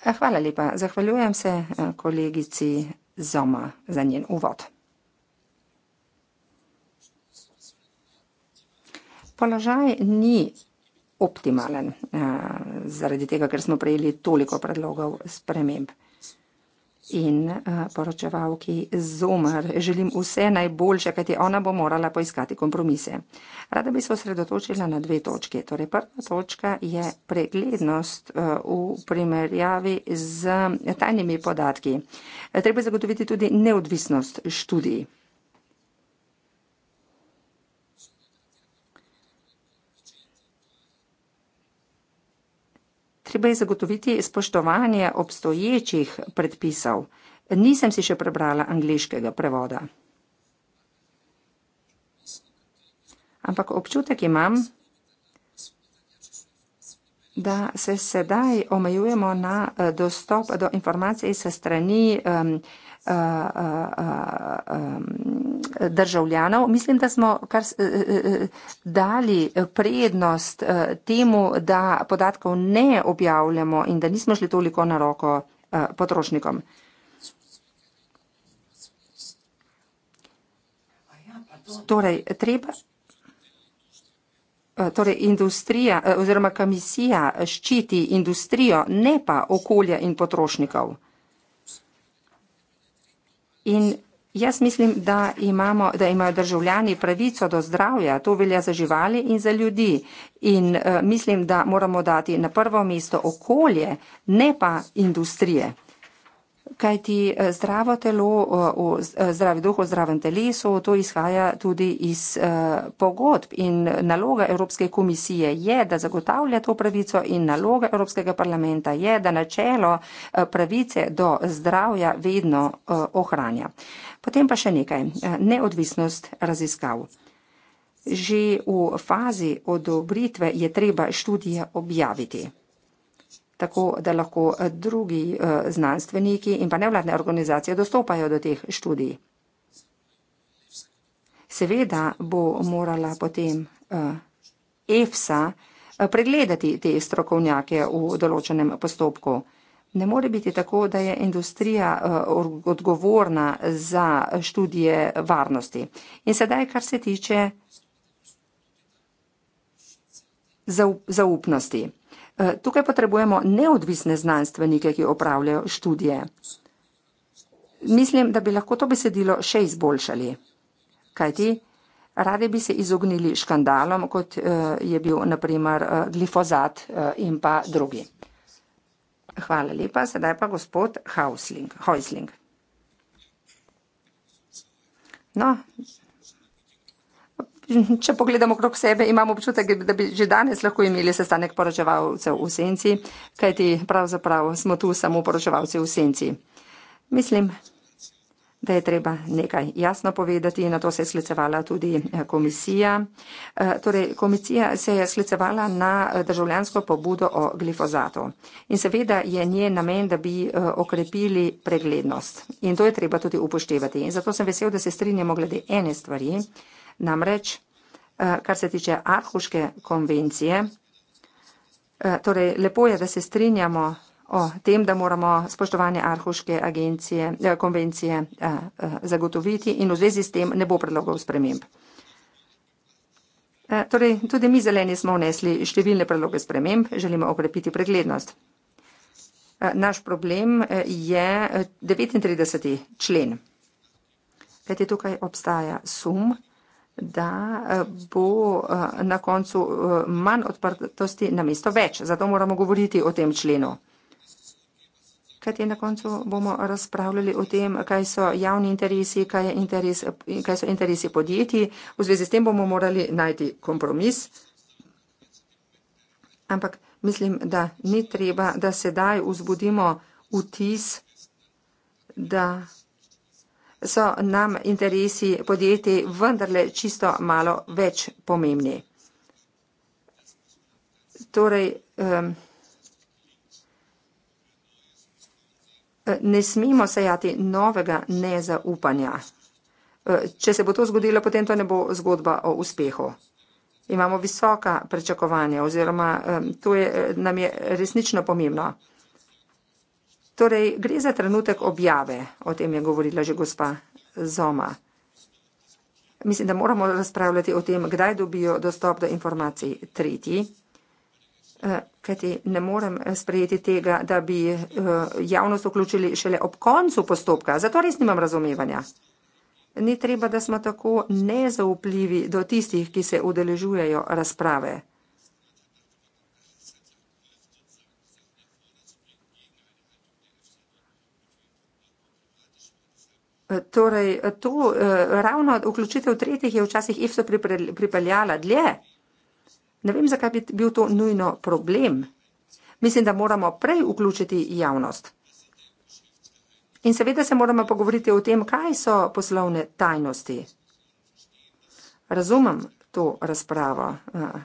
Eh, hvala lepa. Zahvaljujem se kolegici Zoma za njen uvod. položaj ni optimalen eh, zaradi tega, ker smo prejeli toliko predlogov sprememb. In eh, poročevalki Zomer, želim vse najboljše, kajti ona bo morala poiskati kompromise. Rada bi se osredotočila na dve točke. Torej, prva točka je preglednost eh, v primerjavi z tajnimi podatki. Treba zagotoviti tudi neodvisnost študij. treba je zagotoviti spoštovanje obstoječih predpisov. Nisem si še prebrala angliškega prevoda. Ampak občutek imam, da se sedaj omejujemo na eh, dostop do informacij se strani um, državljanov. Mislim, da smo kar e, e, e, dali prednost temu, da podatkov ne objavljamo in da nismo šli toliko na roko potrošnikom. Torej, treba. Torej, industrija oziroma komisija ščiti industrijo, ne pa okolja in potrošnikov. In jaz mislim, da, imamo, da imajo državljani pravico do zdravja, to velja za živali in za ljudi. In uh, mislim, da moramo dati na prvo mesto okolje, ne pa industrije kaj ti eh, zdravo telo, eh, zdravi duh v zdravem telesu, to izhaja tudi iz eh, pogodb in naloga Evropske komisije je, da zagotavlja to pravico in naloga Evropskega parlamenta je, da načelo pravice do zdravja vedno ohranja. Potem pa še nekaj, neodvisnost raziskav. Že v fazi odobritve je treba študije objaviti tako da lahko eh, drugi eh, znanstveniki in pa nevladne organizacije dostopajo do teh študij. Seveda bo morala potem eh, EFSA pregledati te strokovnjake v določenem postopku. Ne more biti tako, da je industrija odgovorna za študije varnosti. In sedaj, kar se tiče zaupnosti. Eh, tukaj potrebujemo neodvisne znanstvenike, ki opravljajo študije. Mislim, da bi lahko to besedilo še izboljšali. Kajti, radi bi se izognili škandalom, kot eh, je bil naprimer eh, glifozat in pa drugi. Hvala lepa, sedaj pa gospod Hausling. Hausling. No, če pogledamo okrog sebe, imamo občutek, da bi že danes lahko imeli sestanek poročevalcev v senci, kajti pravzaprav smo tu samo poročevalci v senci. Mislim, da je treba nekaj jasno povedati in na to se je sklicevala tudi eh, komisija. Eh, torej, komisija se je sklicevala na eh, državljansko pobudo o glifozatu in seveda je njen namen, da bi okrepili preglednost in to je treba tudi upoštevati. In zato sem vesel, da se strinjamo glede ene stvari. Namreč, eh, kar se tiče Arhuške konvencije, eh, torej lepo je, da se strinjamo o tem, da moramo spoštovanje Arhuške agencije, eh, konvencije zagotoviti in v zvezi s tem ne bo predlogov sprememb. Torej, tudi mi zeleni smo vnesli številne predloge sprememb, želimo okrepiti preglednost. Naš problem je 39. člen. Kajti tukaj obstaja sum, da eh, bo eh, na koncu eh, manj odprtosti na mesto več. Zato moramo govoriti o tem členu. Kaj je na koncu, bomo razpravljali o tem, kaj so javni interesi, kaj, interes, kaj so interesi podjetij. V zvezi s tem bomo morali najti kompromis. Ampak mislim, da ni treba, da sedaj vzbudimo vtis, da so nam interesi podjetij vendarle čisto malo več pomembni. Torej, um, ne smemo sejati novega nezaupanja. E, če se bo to zgodilo, potem to ne bo zgodba o uspehu. Imamo visoka pričakovanja oziroma to je, e, nam je resnično pomembno. Torej, gre za trenutek objave, o tem je govorila že gospa Zoma. Mislim, da moramo razpravljati o tem, kdaj dobijo dostop do informacij tretji, eh, kajti ne morem sprejeti tega, da bi eh, javnost vključili šele ob koncu postopka. Zato res nimam razumevanja. Ni treba, da smo tako nezaupljivi do tistih, ki se udeležujejo razprave. Eh, torej, eh, to eh, ravno vključitev tretjih je včasih IFSO pripeljala dlje. Ne vem, zakaj bi bil to nujno problem. Mislim, da moramo prej vključiti javnost. In seveda se moramo pogovoriti o tem, kaj so poslovne tajnosti. Razumem to razpravo. Uh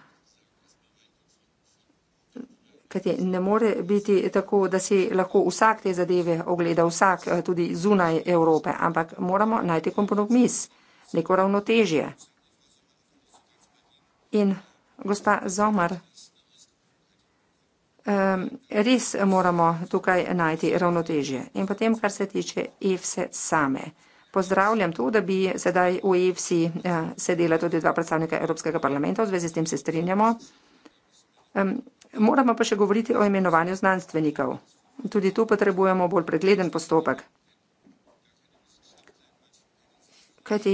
kajti ne more biti tako, da si lahko vsak te zadeve ogleda, vsak eh, tudi zunaj Evrope, ampak moramo najti kompromis, neko ravnotežje. In gospa Zomar, ehm, res moramo tukaj najti ravnotežje. In potem, kar se tiče EFSE same. Pozdravljam to, da bi sedaj v EFSI eh, sedela tudi dva predstavnika Evropskega parlamenta, v zvezi s tem se strinjamo. Ehm, Moramo pa še govoriti o imenovanju znanstvenikov. Tudi tu potrebujemo bolj pregleden postopek. Kajti,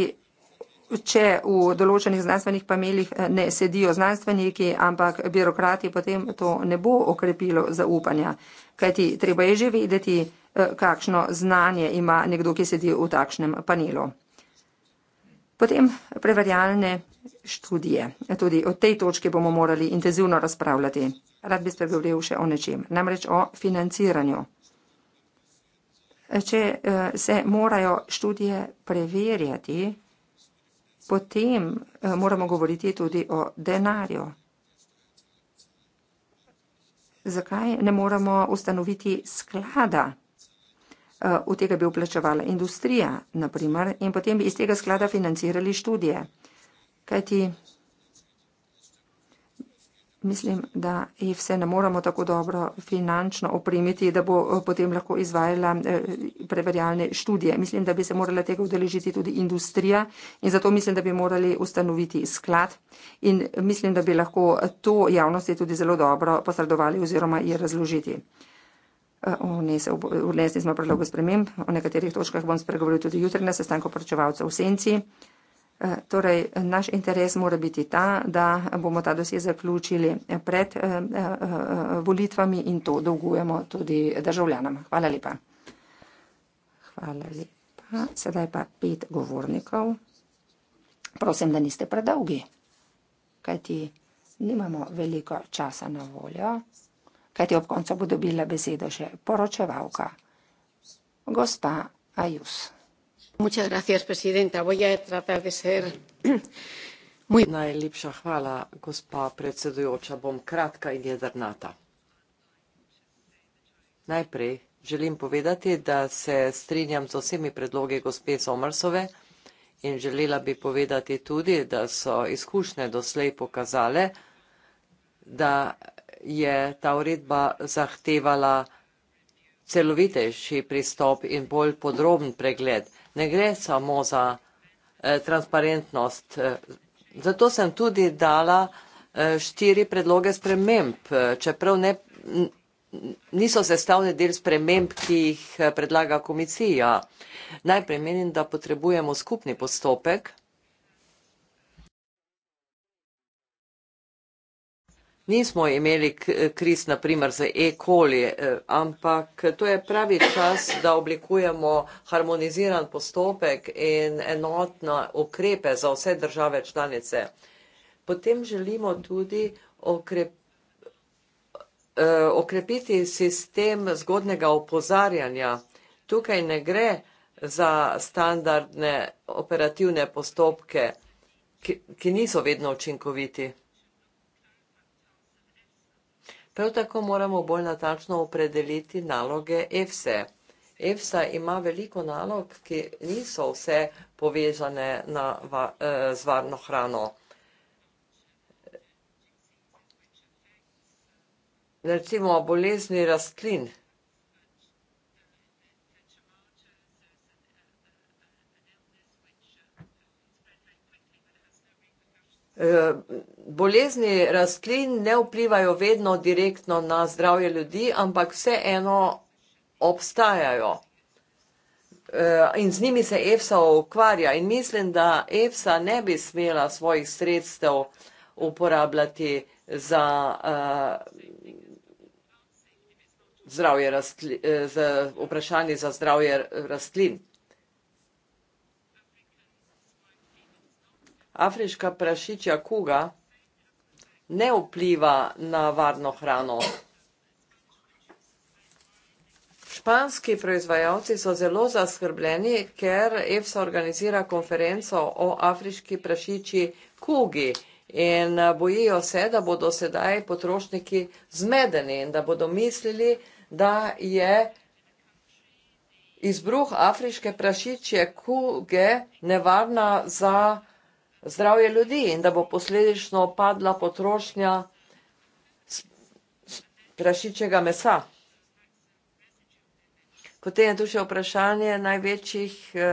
če v določenih znanstvenih pameljih eh, ne sedijo znanstveniki, ampak birokrati, potem to ne bo okrepilo zaupanja. Kajti, treba je že vedeti, eh, kakšno znanje ima nekdo, ki sedi v takšnem panelu. Potem preverjalne študije. Tudi o tej točki bomo morali intenzivno razpravljati. Rad bi spregovoril še o nečem, namreč o financiranju. Če eh, se morajo študije preverjati, potem eh, moramo govoriti tudi o denarju. Zakaj ne moramo ustanoviti sklada? V eh, tega bi vplačevala industrija, naprimer, in potem bi iz tega sklada financirali študije kajti mislim, da jih vse ne moramo tako dobro finančno opremiti, da bo eh, potem lahko izvajala eh, preverjalne študije. Mislim, da bi se morala tega udeležiti tudi industrija in zato mislim, da bi morali ustanoviti sklad in mislim, da bi lahko to javnosti tudi zelo dobro posredovali oziroma je razložiti. Eh, vnesli smo predlogo sprememb, o nekaterih točkah bom spregovoril tudi jutri na sestanku poročevalcev v Senci. Eh, torej, naš interes mora biti ta, da bomo ta dosje zaključili pred eh, eh, volitvami in to dolgujemo tudi državljanom. Hvala lepa. Hvala lepa. Sedaj pa pet govornikov. Prosim, da niste predolgi, kajti nimamo veliko časa na voljo, kajti ob koncu bo dobila besedo še poročevalka, gospa Ajus. Muchas presidenta. Voy a tratar de ser muy... Najlepša hvala, gospa predsedujoča. Bom kratka in jedrnata. Najprej želim povedati, da se strinjam z vsemi predlogi gospe Somersove in želela bi povedati tudi, da so izkušnje doslej pokazale, da je ta uredba zahtevala celovitejši pristop in bolj podroben pregled ne gre samo za eh, transparentnost. Eh, zato sem tudi dala eh, štiri predloge sprememb, eh, čeprav ne, niso sestavni del sprememb, ki jih eh, predlaga komisija. Najprej menim, da potrebujemo skupni postopek Nismo imeli kriz, naprimer, za e-koli, eh, ampak to je pravi čas, da oblikujemo harmoniziran postopek in enotna ukrepe za vse države članice. Potem želimo tudi eh, okrepiti sistem zgodnega opozarjanja. Tukaj ne gre za standardne operativne postopke, ki niso vedno učinkoviti. Prav tako moramo bolj natančno opredeliti naloge EFSE. EFSA ima veliko nalog, ki niso vse povezane na, va, e, z varno hrano. Recimo bolezni rastlin. Eh, bolezni rastlin ne vplivajo vedno direktno na zdravje ljudi, ampak vseeno obstajajo. Eh, in z njimi se EFSA ukvarja in mislim, da EFSA ne bi smela svojih sredstev uporabljati za uh, eh, rastli, uh, za vprašanje za zdravje rastlin. afriška prašičja kuga ne vpliva na varno hrano. Španski proizvajalci so zelo zaskrbljeni, ker EFSA organizira konferenco o afriški prašiči kugi in bojijo se, da bodo sedaj potrošniki zmedeni in da bodo mislili, da je izbruh afriške prašičje kuge nevarna za zdravje ljudi in da bo posledično padla potrošnja prašičjega mesa. Potem je tu še vprašanje največjih eh,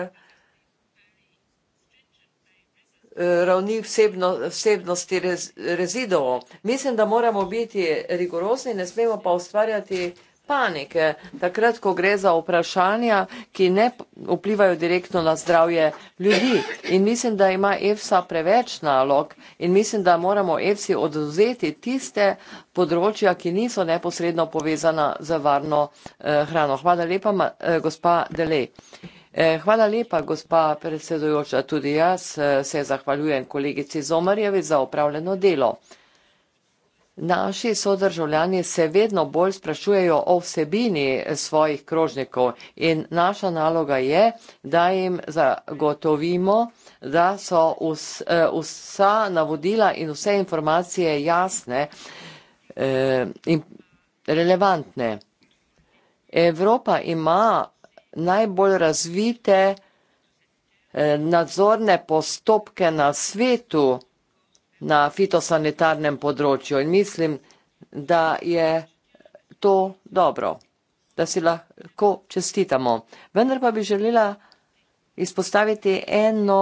eh, ravni vsebno, vsebnosti rez, rezidov. Mislim, da moramo biti rigorozni, ne smemo pa ustvarjati panike, takrat, ko gre za vprašanja, ki ne vplivajo direktno na zdravje ljudi. In mislim, da ima EFSA preveč nalog in mislim, da moramo EFSI odvzeti tiste področja, ki niso neposredno povezana z varno eh, hrano. Hvala lepa, ma, eh, gospa Delej. Eh, hvala lepa, gospa predsedujoča. Tudi jaz eh, se zahvaljujem kolegici Zomarjevi za opravljeno delo. Naši sodržavljani se vedno bolj sprašujejo o vsebini svojih krožnikov in naša naloga je, da jim zagotovimo, da so vs, e, vsa navodila in vse informacije jasne e, in relevantne. Evropa ima najbolj razvite e, nadzorne postopke na svetu, na fitosanitarnem področju in mislim, da je to dobro, da si lahko čestitamo. Vendar pa bi želela izpostaviti eno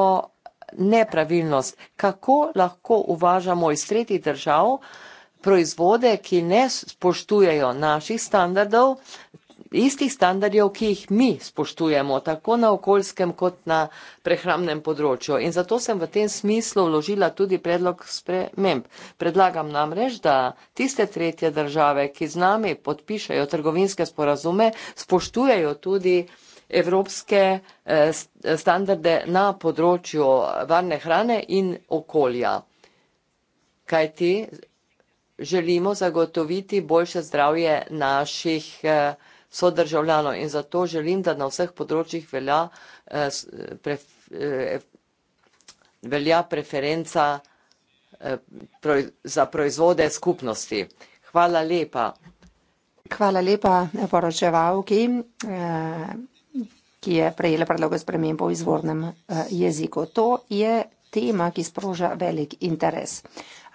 nepravilnost, kako lahko uvažamo iz tretjih držav proizvode, ki ne spoštujejo naših standardov, istih standardov, ki jih mi spoštujemo, tako na okoljskem kot na prehramnem področju. In zato sem v tem smislu vložila tudi predlog sprememb. Predlagam nam reč, da tiste tretje države, ki z nami podpišajo trgovinske sporazume, spoštujejo tudi evropske eh, standarde na področju varne hrane in okolja. Kaj ti želimo zagotoviti boljše zdravje naših eh, sodržavljanov in zato želim, da na vseh področjih velja, eh, eh pref, eh, eh, velja preferenca eh, proiz, za proizvode skupnosti. Hvala lepa. Hvala lepa eh, poročevalki, ki je prejela predlogo spremembo v izvornem jeziku. To je tema, ki sproža velik interes.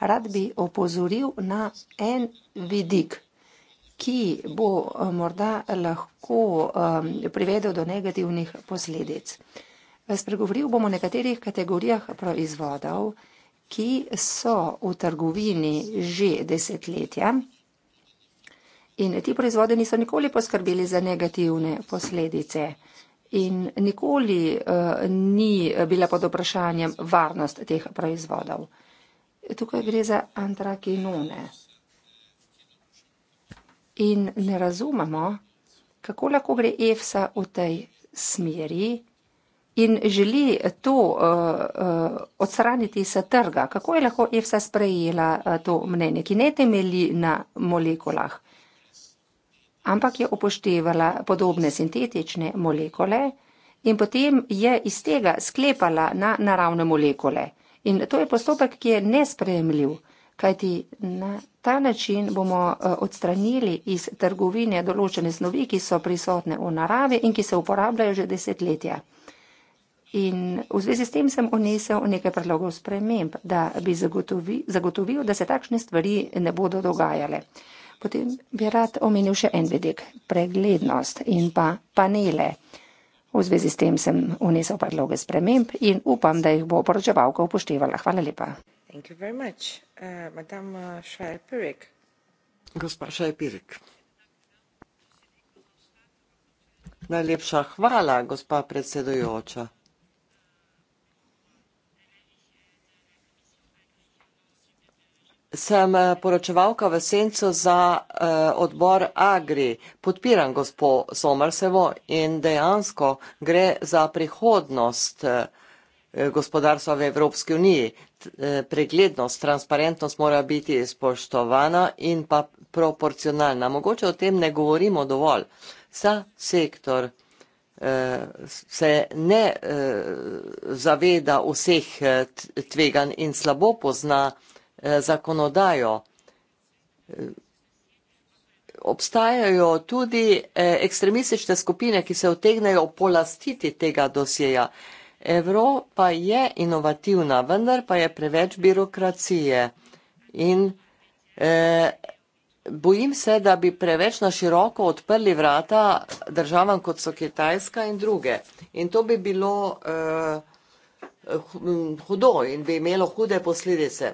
Rad bi opozoril na en vidik ki bo eh, morda lahko eh, privedel do negativnih posledic. Eh, spregovoril bom o nekaterih kategorijah proizvodov, ki so v trgovini že desetletja in ti proizvode niso nikoli poskrbeli za negativne posledice in nikoli ni bila pod vprašanjem varnost teh proizvodov. Tukaj gre za antrakinone in ne razumemo, kako lahko gre EFSA v tej smeri in želi to uh, uh, odstraniti iz trga. Kako je lahko EFSA sprejela uh, to mnenje, ki ne temeli na molekulah, ampak je upoštevala podobne sintetične molekole in potem je iz tega sklepala na naravne molekole. In to je postopek, ki je nespremljiv, kajti na ta način bomo eh, odstranili iz trgovine določene snovi, ki so prisotne v naravi in ki se uporabljajo že desetletja. In v zvezi s tem sem unesel nekaj predlogov sprememb, da bi zagotovi, zagotovil, da se takšne stvari ne bodo dogajale. Potem bi rad omenil še en vidik, preglednost in pa panele. V zvezi s tem sem unesel predloge sprememb in upam, da jih bo poročevalka upoštevala. Hvala lepa. Thank you very much. Uh, Madame uh, Schreier-Pyrick. Gospa Schreier-Pyrick. Najlepša hvala, gospa predsedujoča. Sem uh, poročevalka v Sencu za uh, odbor Agri. Podpiram gospo Somersevo in dejansko gre za prihodnost uh, Eh, gospodarstva v Evropski uniji. Eh, preglednost, transparentnost mora biti spoštovana in pa proporcionalna. Mogoče o tem ne govorimo dovolj. Vsa sektor eh, se ne zaveda vseh tvegan in slabo pozna zakonodajo. Obstajajo tudi ekstremistične skupine, ki se otegnejo polastiti tega dosjeja. Evropa je inovativna, vendar pa je preveč birokracije in eh, bojim se, da bi preveč na široko odprli vrata državam, kot so Kitajska in druge. In to bi bilo eh, hudo in bi imelo hude posledice.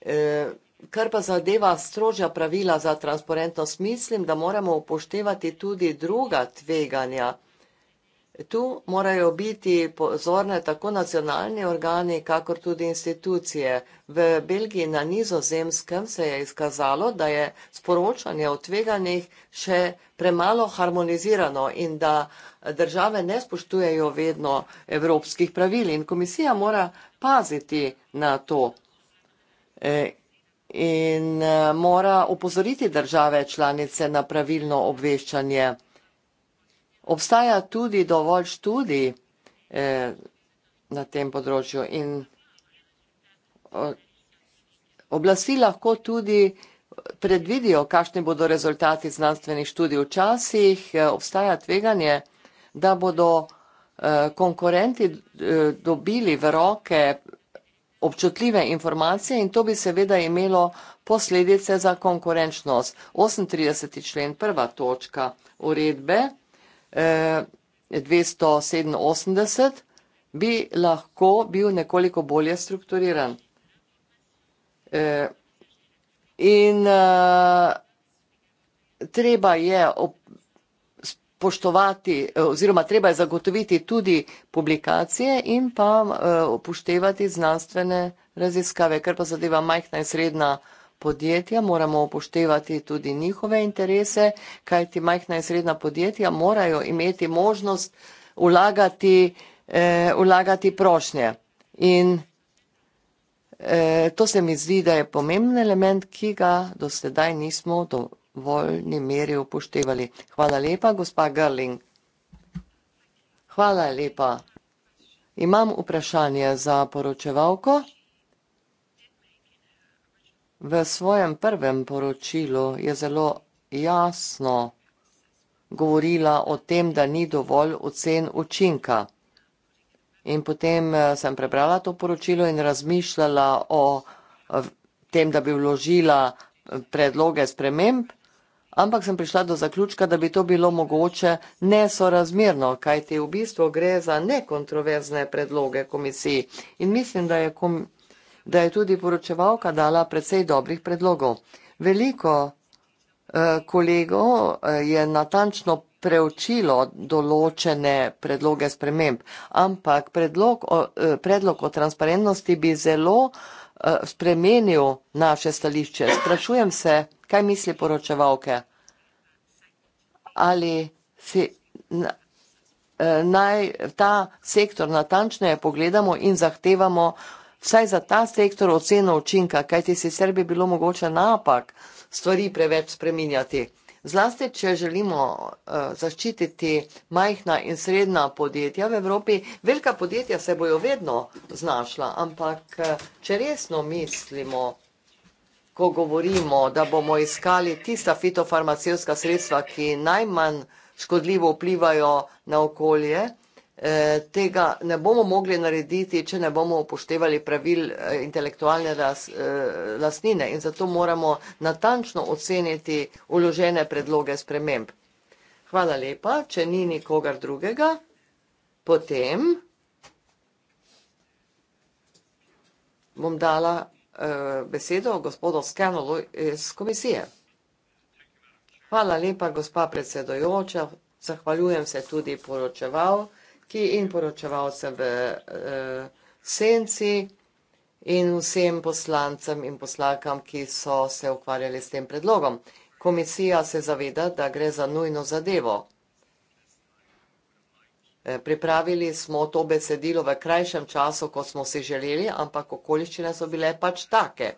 Eh, kar pa zadeva strožja pravila za transparentnost, mislim, da moramo upoštevati tudi druga tveganja. Tu morajo biti pozorne tako nacionalni organi, kakor tudi institucije. V Belgiji na nizozemskem se je izkazalo, da je sporočanje o tveganjih še premalo harmonizirano in da države ne spoštujejo vedno evropskih pravil in komisija mora paziti na to e, in e, mora upozoriti države članice na pravilno obveščanje. Obstaja tudi dovolj študij eh, na tem področju in eh, oblasti lahko tudi predvidijo, kakšni bodo rezultati znanstvenih študij. Včasih eh, obstaja tveganje, da bodo eh, konkurenti eh, dobili v roke občutljive informacije in to bi seveda imelo posledice za konkurenčnost. 38. člen, prva točka uredbe. 287, eh, bi lahko bil nekoliko bolje strukturiran. Eh, in eh, treba je poštovati, oziroma treba je zagotoviti tudi publikacije in pa upoštevati znanstvene raziskave, ker pa zadeva majhna in srednja podjetja podjetja, moramo upoštevati tudi njihove interese, kajti majhna in srednja podjetja morajo imeti možnost vlagati, eh, vlagati prošnje. In eh, to se mi zdi, da je pomemben element, ki ga do sedaj nismo v dovoljni meri upoštevali. Hvala lepa, gospa Grling. Hvala lepa. Imam vprašanje za poročevalko. V svojem prvem poročilu je zelo jasno govorila o tem, da ni dovolj ocen učinka. In potem eh, sem prebrala to poročilo in razmišljala o eh, tem, da bi vložila eh, predloge sprememb, ampak sem prišla do zaključka, da bi to bilo mogoče nesorazmerno, kajti v bistvu gre za nekontroverzne predloge komisiji. In mislim, da je komisija da je tudi poročevalka dala precej dobrih predlogov. Veliko eh, kolegov eh, je natančno preučilo določene predloge sprememb, ampak predlog o, eh, predlog o transparentnosti bi zelo spremenil naše stališče. Sprašujem se, kaj misli poročevalke. Ali si na, naj ta sektor natančneje pogledamo in zahtevamo vsaj za ta sektor oceno učinka, kajti sicer bi bilo mogoče napak stvari preveč spreminjati. Zlasti, če želimo uh, zaščititi majhna in srednja podjetja v Evropi, velika podjetja se bojo vedno znašla, ampak eh, če resno mislimo, ko govorimo, da bomo iskali tista fitofarmacijska sredstva, ki najmanj škodljivo vplivajo na okolje, uh, Eh, tega ne bomo mogli narediti, če ne bomo upoštevali pravil eh, intelektualne las, eh, lasnine in zato moramo natančno oceniti uložene predloge sprememb. Hvala lepa, če ni nikogar drugega, potem bom dala besedo gospodu Skenolu iz komisije. Hvala lepa, gospa predsedojoča, zahvaljujem se tudi poročeval ki in poročevalcem v uh, senci in vsem poslancem in poslankam, ki so se ukvarjali s tem predlogom. Komisija se zaveda, da gre za nujno zadevo. Eh, pripravili smo to besedilo v krajšem času, kot smo si želeli, ampak okoliščine so bile pač take.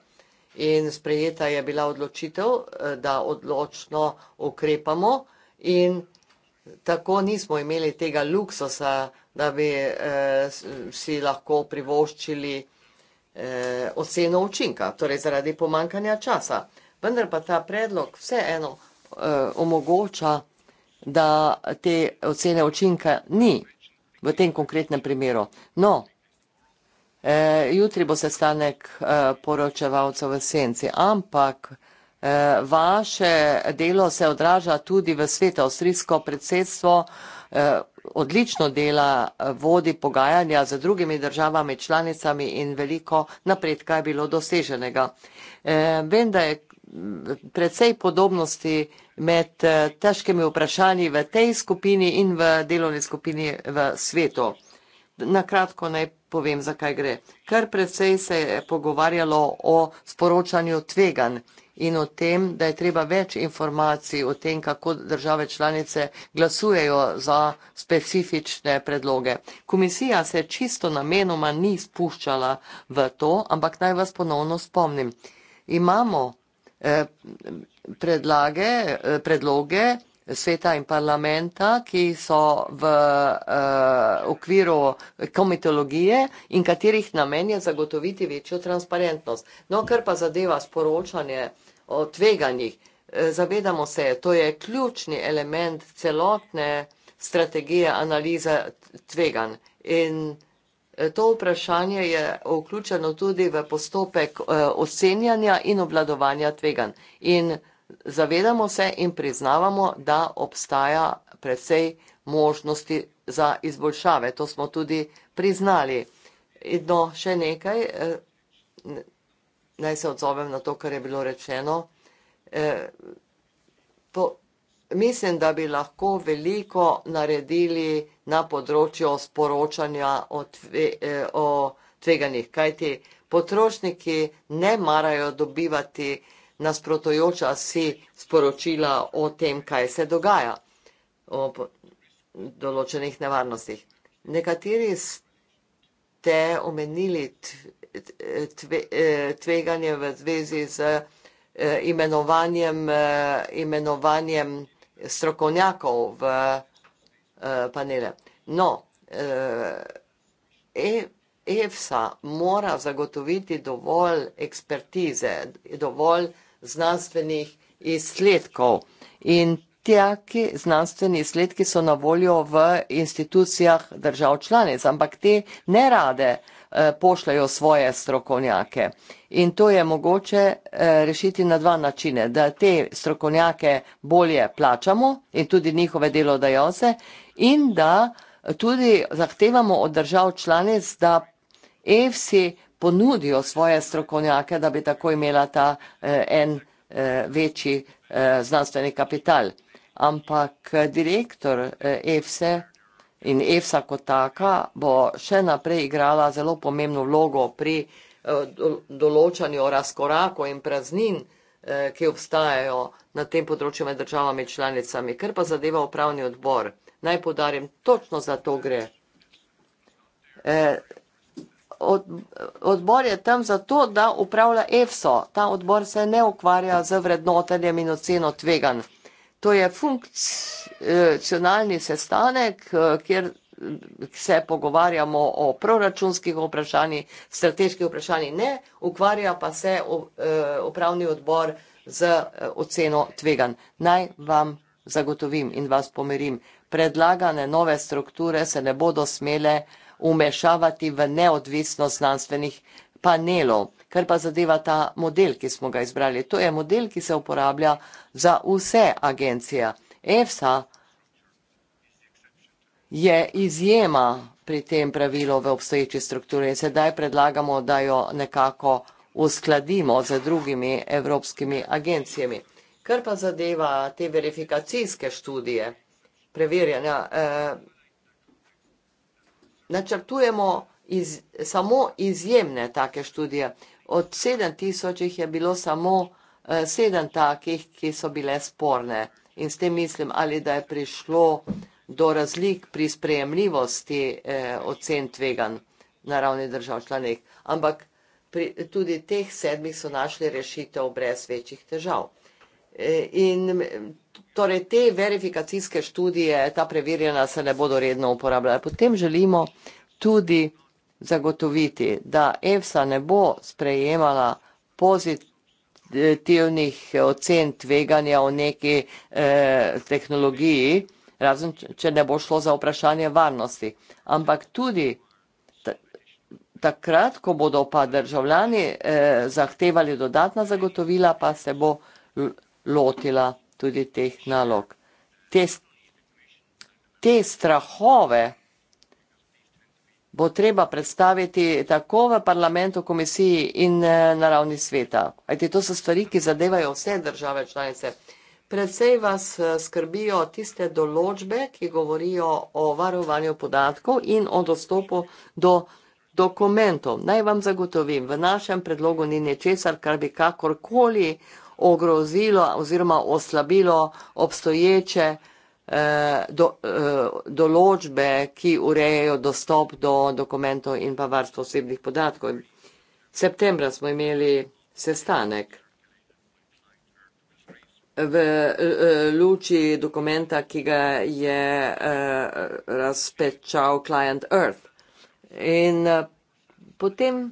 In sprejeta je bila odločitev, eh, da odločno ukrepamo in tako nismo imeli tega luksusa, da bi eh, si lahko privoščili eh, oceno učinka, torej zaradi pomankanja časa. Vendar pa ta predlog vseeno eh, omogoča, da te ocene učinka ni v tem konkretnem primeru. No, eh, jutri bo sestanek eh, poročevalcev v senci, ampak. Eh, vaše delo se odraža tudi v svetu. Avstrijsko predsedstvo eh, odlično dela, eh, vodi pogajanja z drugimi državami, članicami in veliko napredka je bilo doseženega. Vem, da je mm, precej podobnosti med težkimi vprašanji v tej skupini in v delovni skupini v svetu. Na kratko naj povem, zakaj gre. Kar precej se je pogovarjalo o sporočanju tveganj in o tem, da je treba več informacij o tem, kako države članice glasujejo za specifične predloge. Komisija se čisto namenoma ni spuščala v to, ampak naj vas ponovno spomnim. Imamo eh, predlage, eh, predloge, predloge, sveta in parlamenta, ki so v uh, okviru komitologije in katerih namen je zagotoviti večjo transparentnost. No, kar pa zadeva sporočanje o tveganjih, eh, zavedamo se, to je ključni element celotne strategije analize tvegan. In eh, to vprašanje je vključeno tudi v postopek uh, ocenjanja in obladovanja tvegan. In zavedamo se in priznavamo, da obstaja precej možnosti za izboljšave. To smo tudi priznali. Edno še nekaj, eh, naj se odzovem na to, kar je bilo rečeno. Eh, po, mislim, da bi lahko veliko naredili na področju sporočanja o, tve, eh, o tveganjih, kajti potrošniki ne marajo dobivati nasprotujoča si sporočila o tem, kaj se dogaja ob določenih nevarnostih. Nekateri ste omenili tveganje v zvezi z imenovanjem, imenovanjem strokovnjakov v panele. No, e-, e-, EFSA mora zagotoviti dovolj ekspertize, dovolj znanstvenih izsledkov. In taki znanstveni izsledki so na voljo v institucijah držav članic, ampak te ne rade eh, pošljajo svoje strokovnjake. In to je mogoče eh, rešiti na dva načine, da te strokovnjake bolje plačamo in tudi njihove delodajalce in da tudi zahtevamo od držav članic, da EFSI ponudijo svoje strokovnjake, da bi tako imela ta eh, en eh, večji eh, znanstveni kapital. Ampak eh, direktor eh, EFSE in EFSA kot taka bo še naprej igrala zelo pomembno vlogo pri eh, določanju razkorakov in praznin, eh, ki obstajajo na tem področju med državami članicami. Ker pa zadeva upravni odbor, naj podarim, točno za to gre. Eh, od, odbor je tam zato, da upravlja EFSO. Ta odbor se ne ukvarja z vrednotenjem in oceno tvegan. To je funkcionalni sestanek, kjer se pogovarjamo o proračunskih vprašanjih, strateških vprašanjih ne, ukvarja pa se e, upravni odbor z e, oceno tvegan. Naj vam zagotovim in vas pomerim, predlagane nove strukture se ne bodo smele umešavati v neodvisnost znanstvenih panelov. Kar pa zadeva ta model, ki smo ga izbrali. To je model, ki se uporablja za vse agencije. EFSA je izjema pri tem pravilu v obstoječi strukturi in sedaj predlagamo, da jo nekako uskladimo z drugimi evropskimi agencijami. Kar pa zadeva te verifikacijske študije, preverjanja. Eh, načrtujemo iz, samo izjemne take študije. Od 7 tisoč jih je bilo samo 7 eh, takih, ki so bile sporne. In s tem mislim, ali da je prišlo do razlik pri sprejemljivosti eh, ocen tvegan na ravni držav članek. Ampak pri, tudi teh sedmih so našli rešitev brez večjih težav. E, in torej te verifikacijske študije, ta preverjena se ne bodo redno uporabljala. Potem želimo tudi zagotoviti, da EFSA ne bo sprejemala pozitivnih ocen tveganja v neki eh, tehnologiji, razen če ne bo šlo za vprašanje varnosti. Ampak tudi takrat, ko bodo pa državljani eh, zahtevali dodatna zagotovila, pa se bo lotila tudi teh nalog. Te, te strahove bo treba predstaviti tako v parlamentu, komisiji in eh, na ravni sveta. Ajte, to so stvari, ki zadevajo vse države članice. Predvsej vas eh, skrbijo tiste določbe, ki govorijo o varovanju podatkov in o dostopu do dokumentov. Naj vam zagotovim, v našem predlogu ni nečesar, kar bi kakorkoli ogrozilo oziroma oslabilo obstoječe eh, do, eh, določbe, ki urejejo dostop do dokumentov in pa varstvo osebnih podatkov. V septembra smo imeli sestanek v eh, luči dokumenta, ki ga je razpečal Client Earth. In potem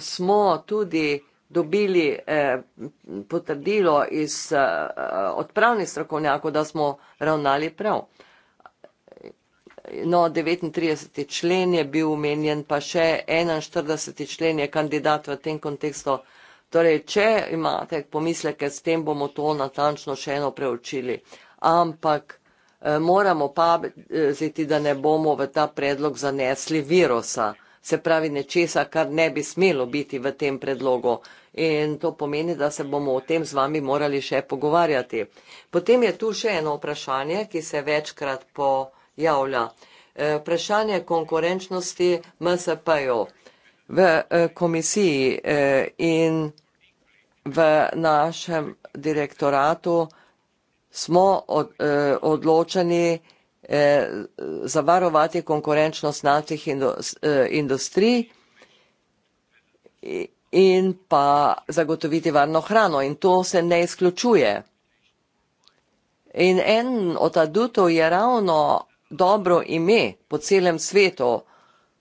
smo tudi dobili eh, potrdilo iz eh, odpravnih strokovnjakov, da smo ravnali prav. No, 39. člen je bil umenjen, pa še 41. člen je kandidat v tem kontekstu. Torej, če imate pomisleke, s tem bomo to natančno še eno preučili. Ampak eh, moramo pa ziti, da ne bomo v ta predlog zanesli virusa se pravi nečesa, kar ne bi smelo biti v tem predlogu. In to pomeni, da se bomo o tem z vami morali še pogovarjati. Potem je tu še eno vprašanje, ki se večkrat pojavlja. E, vprašanje konkurenčnosti MSP-jo v e, komisiji e, in v našem direktoratu smo odločeni, eh, zavarovati konkurenčnost naftnih indos, eh, industrij in pa zagotoviti varno hrano. In to se ne izključuje. In en od adutov je ravno dobro ime po celem svetu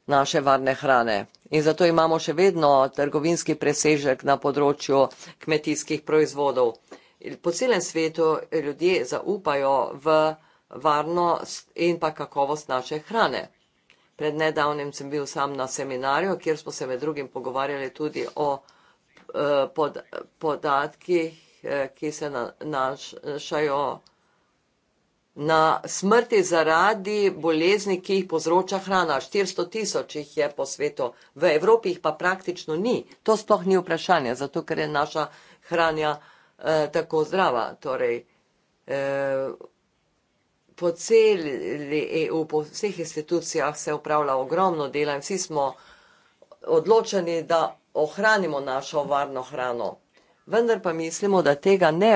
naše varne hrane. In zato imamo še vedno trgovinski presežek na področju kmetijskih proizvodov. Po celem svetu ljudje zaupajo v eh, varnost in pa kakovost naše hrane. Pred nedavnim sem bil sam na seminarju, kjer smo se med drugim pogovarjali tudi o eh, pod, podatkih, eh, ki se nanašajo na smrti zaradi bolezni, ki jih povzroča hrana. 400 tisoč jih je po svetu, v Evropi jih pa praktično ni. To sploh ni vprašanje, zato ker je naša hranja eh, tako zdrava. Torej, eh, po celi EU, po vseh institucijah se upravlja ogromno dela in vsi smo odločeni, da ohranimo našo varno hrano. Vendar pa mislimo, da tega ne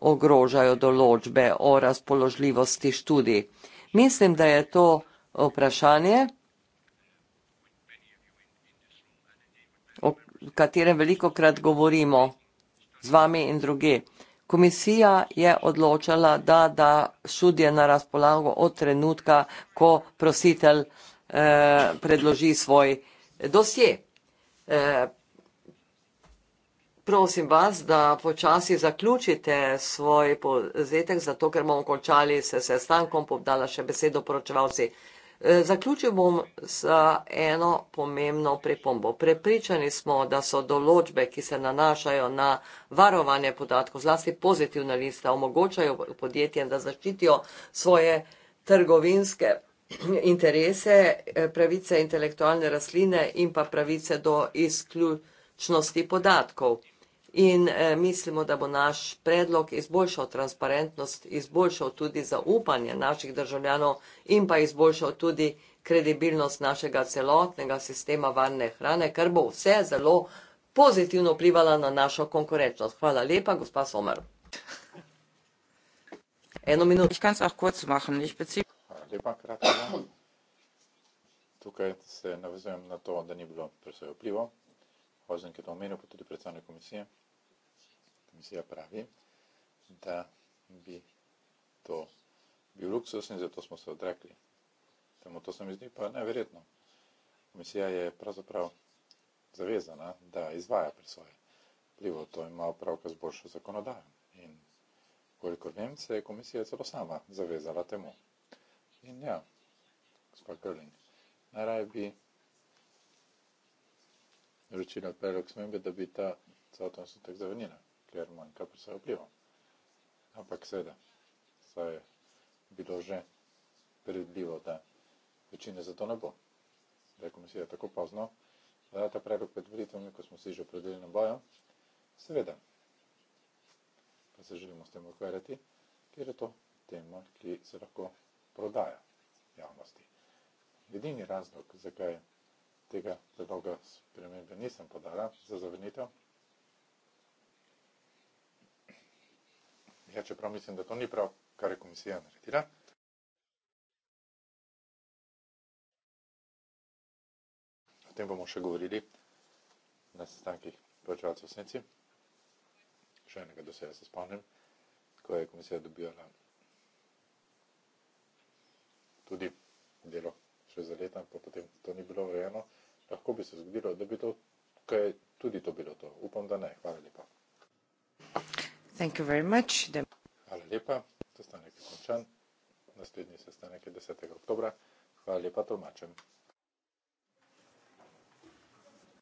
ogrožajo določbe o razpoložljivosti študij. Mislim, da je to vprašanje, o katerem veliko krat govorimo z vami in druge. Komisija je odločala, da da študije na razpolago od trenutka, ko prositelj eh, predloži svoj eh, dosje. Eh, prosim vas, da počasi zaključite svoj povzetek, zato ker bomo končali se sestankom, povdala še besedo poročevalci. Zaključil bom s eno pomembno pripombo. Prepričani smo, da so določbe, ki se nanašajo na varovanje podatkov, zlasti pozitivna lista, omogočajo podjetjem, da zaščitijo svoje trgovinske interese, pravice intelektualne rastline in pa pravice do izključnosti podatkov in eh, mislimo, da bo naš predlog izboljšal transparentnost, izboljšal tudi zaupanje naših državljanov in pa izboljšal tudi kredibilnost našega celotnega sistema varne hrane, kar bo vse zelo pozitivno vplivalo na našo konkurenčnost. Hvala lepa, gospa Somer. Eno minuto. Ich kann es auch kurz machen, nicht bezieh. Lepa, kratko. Tukaj se navezujem na to, da ni bilo presoje vplivov. Hozen, ki je to omenil, pa tudi predstavnik komisije. Komisija pravi, da bi to bil luksus in zato smo se odrekli. Temu to se mi zdi pa neverjetno. Komisija je pravzaprav zavezana, da izvaja pri svoje vplivo. To ima opravka z boljšo zakonodajo. In kolikor vem, se je komisija celo sama zavezala temu. In ja, gospod Grling, najraje bi vročina predlog smembe, da bi ta celoten sotek zavrnila, ker manjka pri svojo vplivo. Ampak seveda, saj je bilo že predvidljivo, da večine za to ne bo. Da je komisija tako pozno, da je ta predlog pred volitvami, ko smo si že predvideli na bojo, seveda, pa se želimo s tem ukvarjati, ker je to tema, ki se lahko prodaja javnosti. Edini razlog, zakaj tega predloga spremembe nisem podala za zavrnitev. Ja, čeprav mislim, da to ni prav, kar je komisija naredila. O tem bomo še govorili na sestankih pročevalcev v Senci. Še enega doseja se spomnim, ko je komisija dobila tudi delo še za leta, pa potem to ni bilo urejeno. Lahko bi se zgodilo, da bi to, kaj tudi to bilo to. Upam, da ne. Hvala lepa. Hvala lepa. Sestanek je končan. Naslednji sestanek je 10. oktobra. Hvala lepa tolmačem.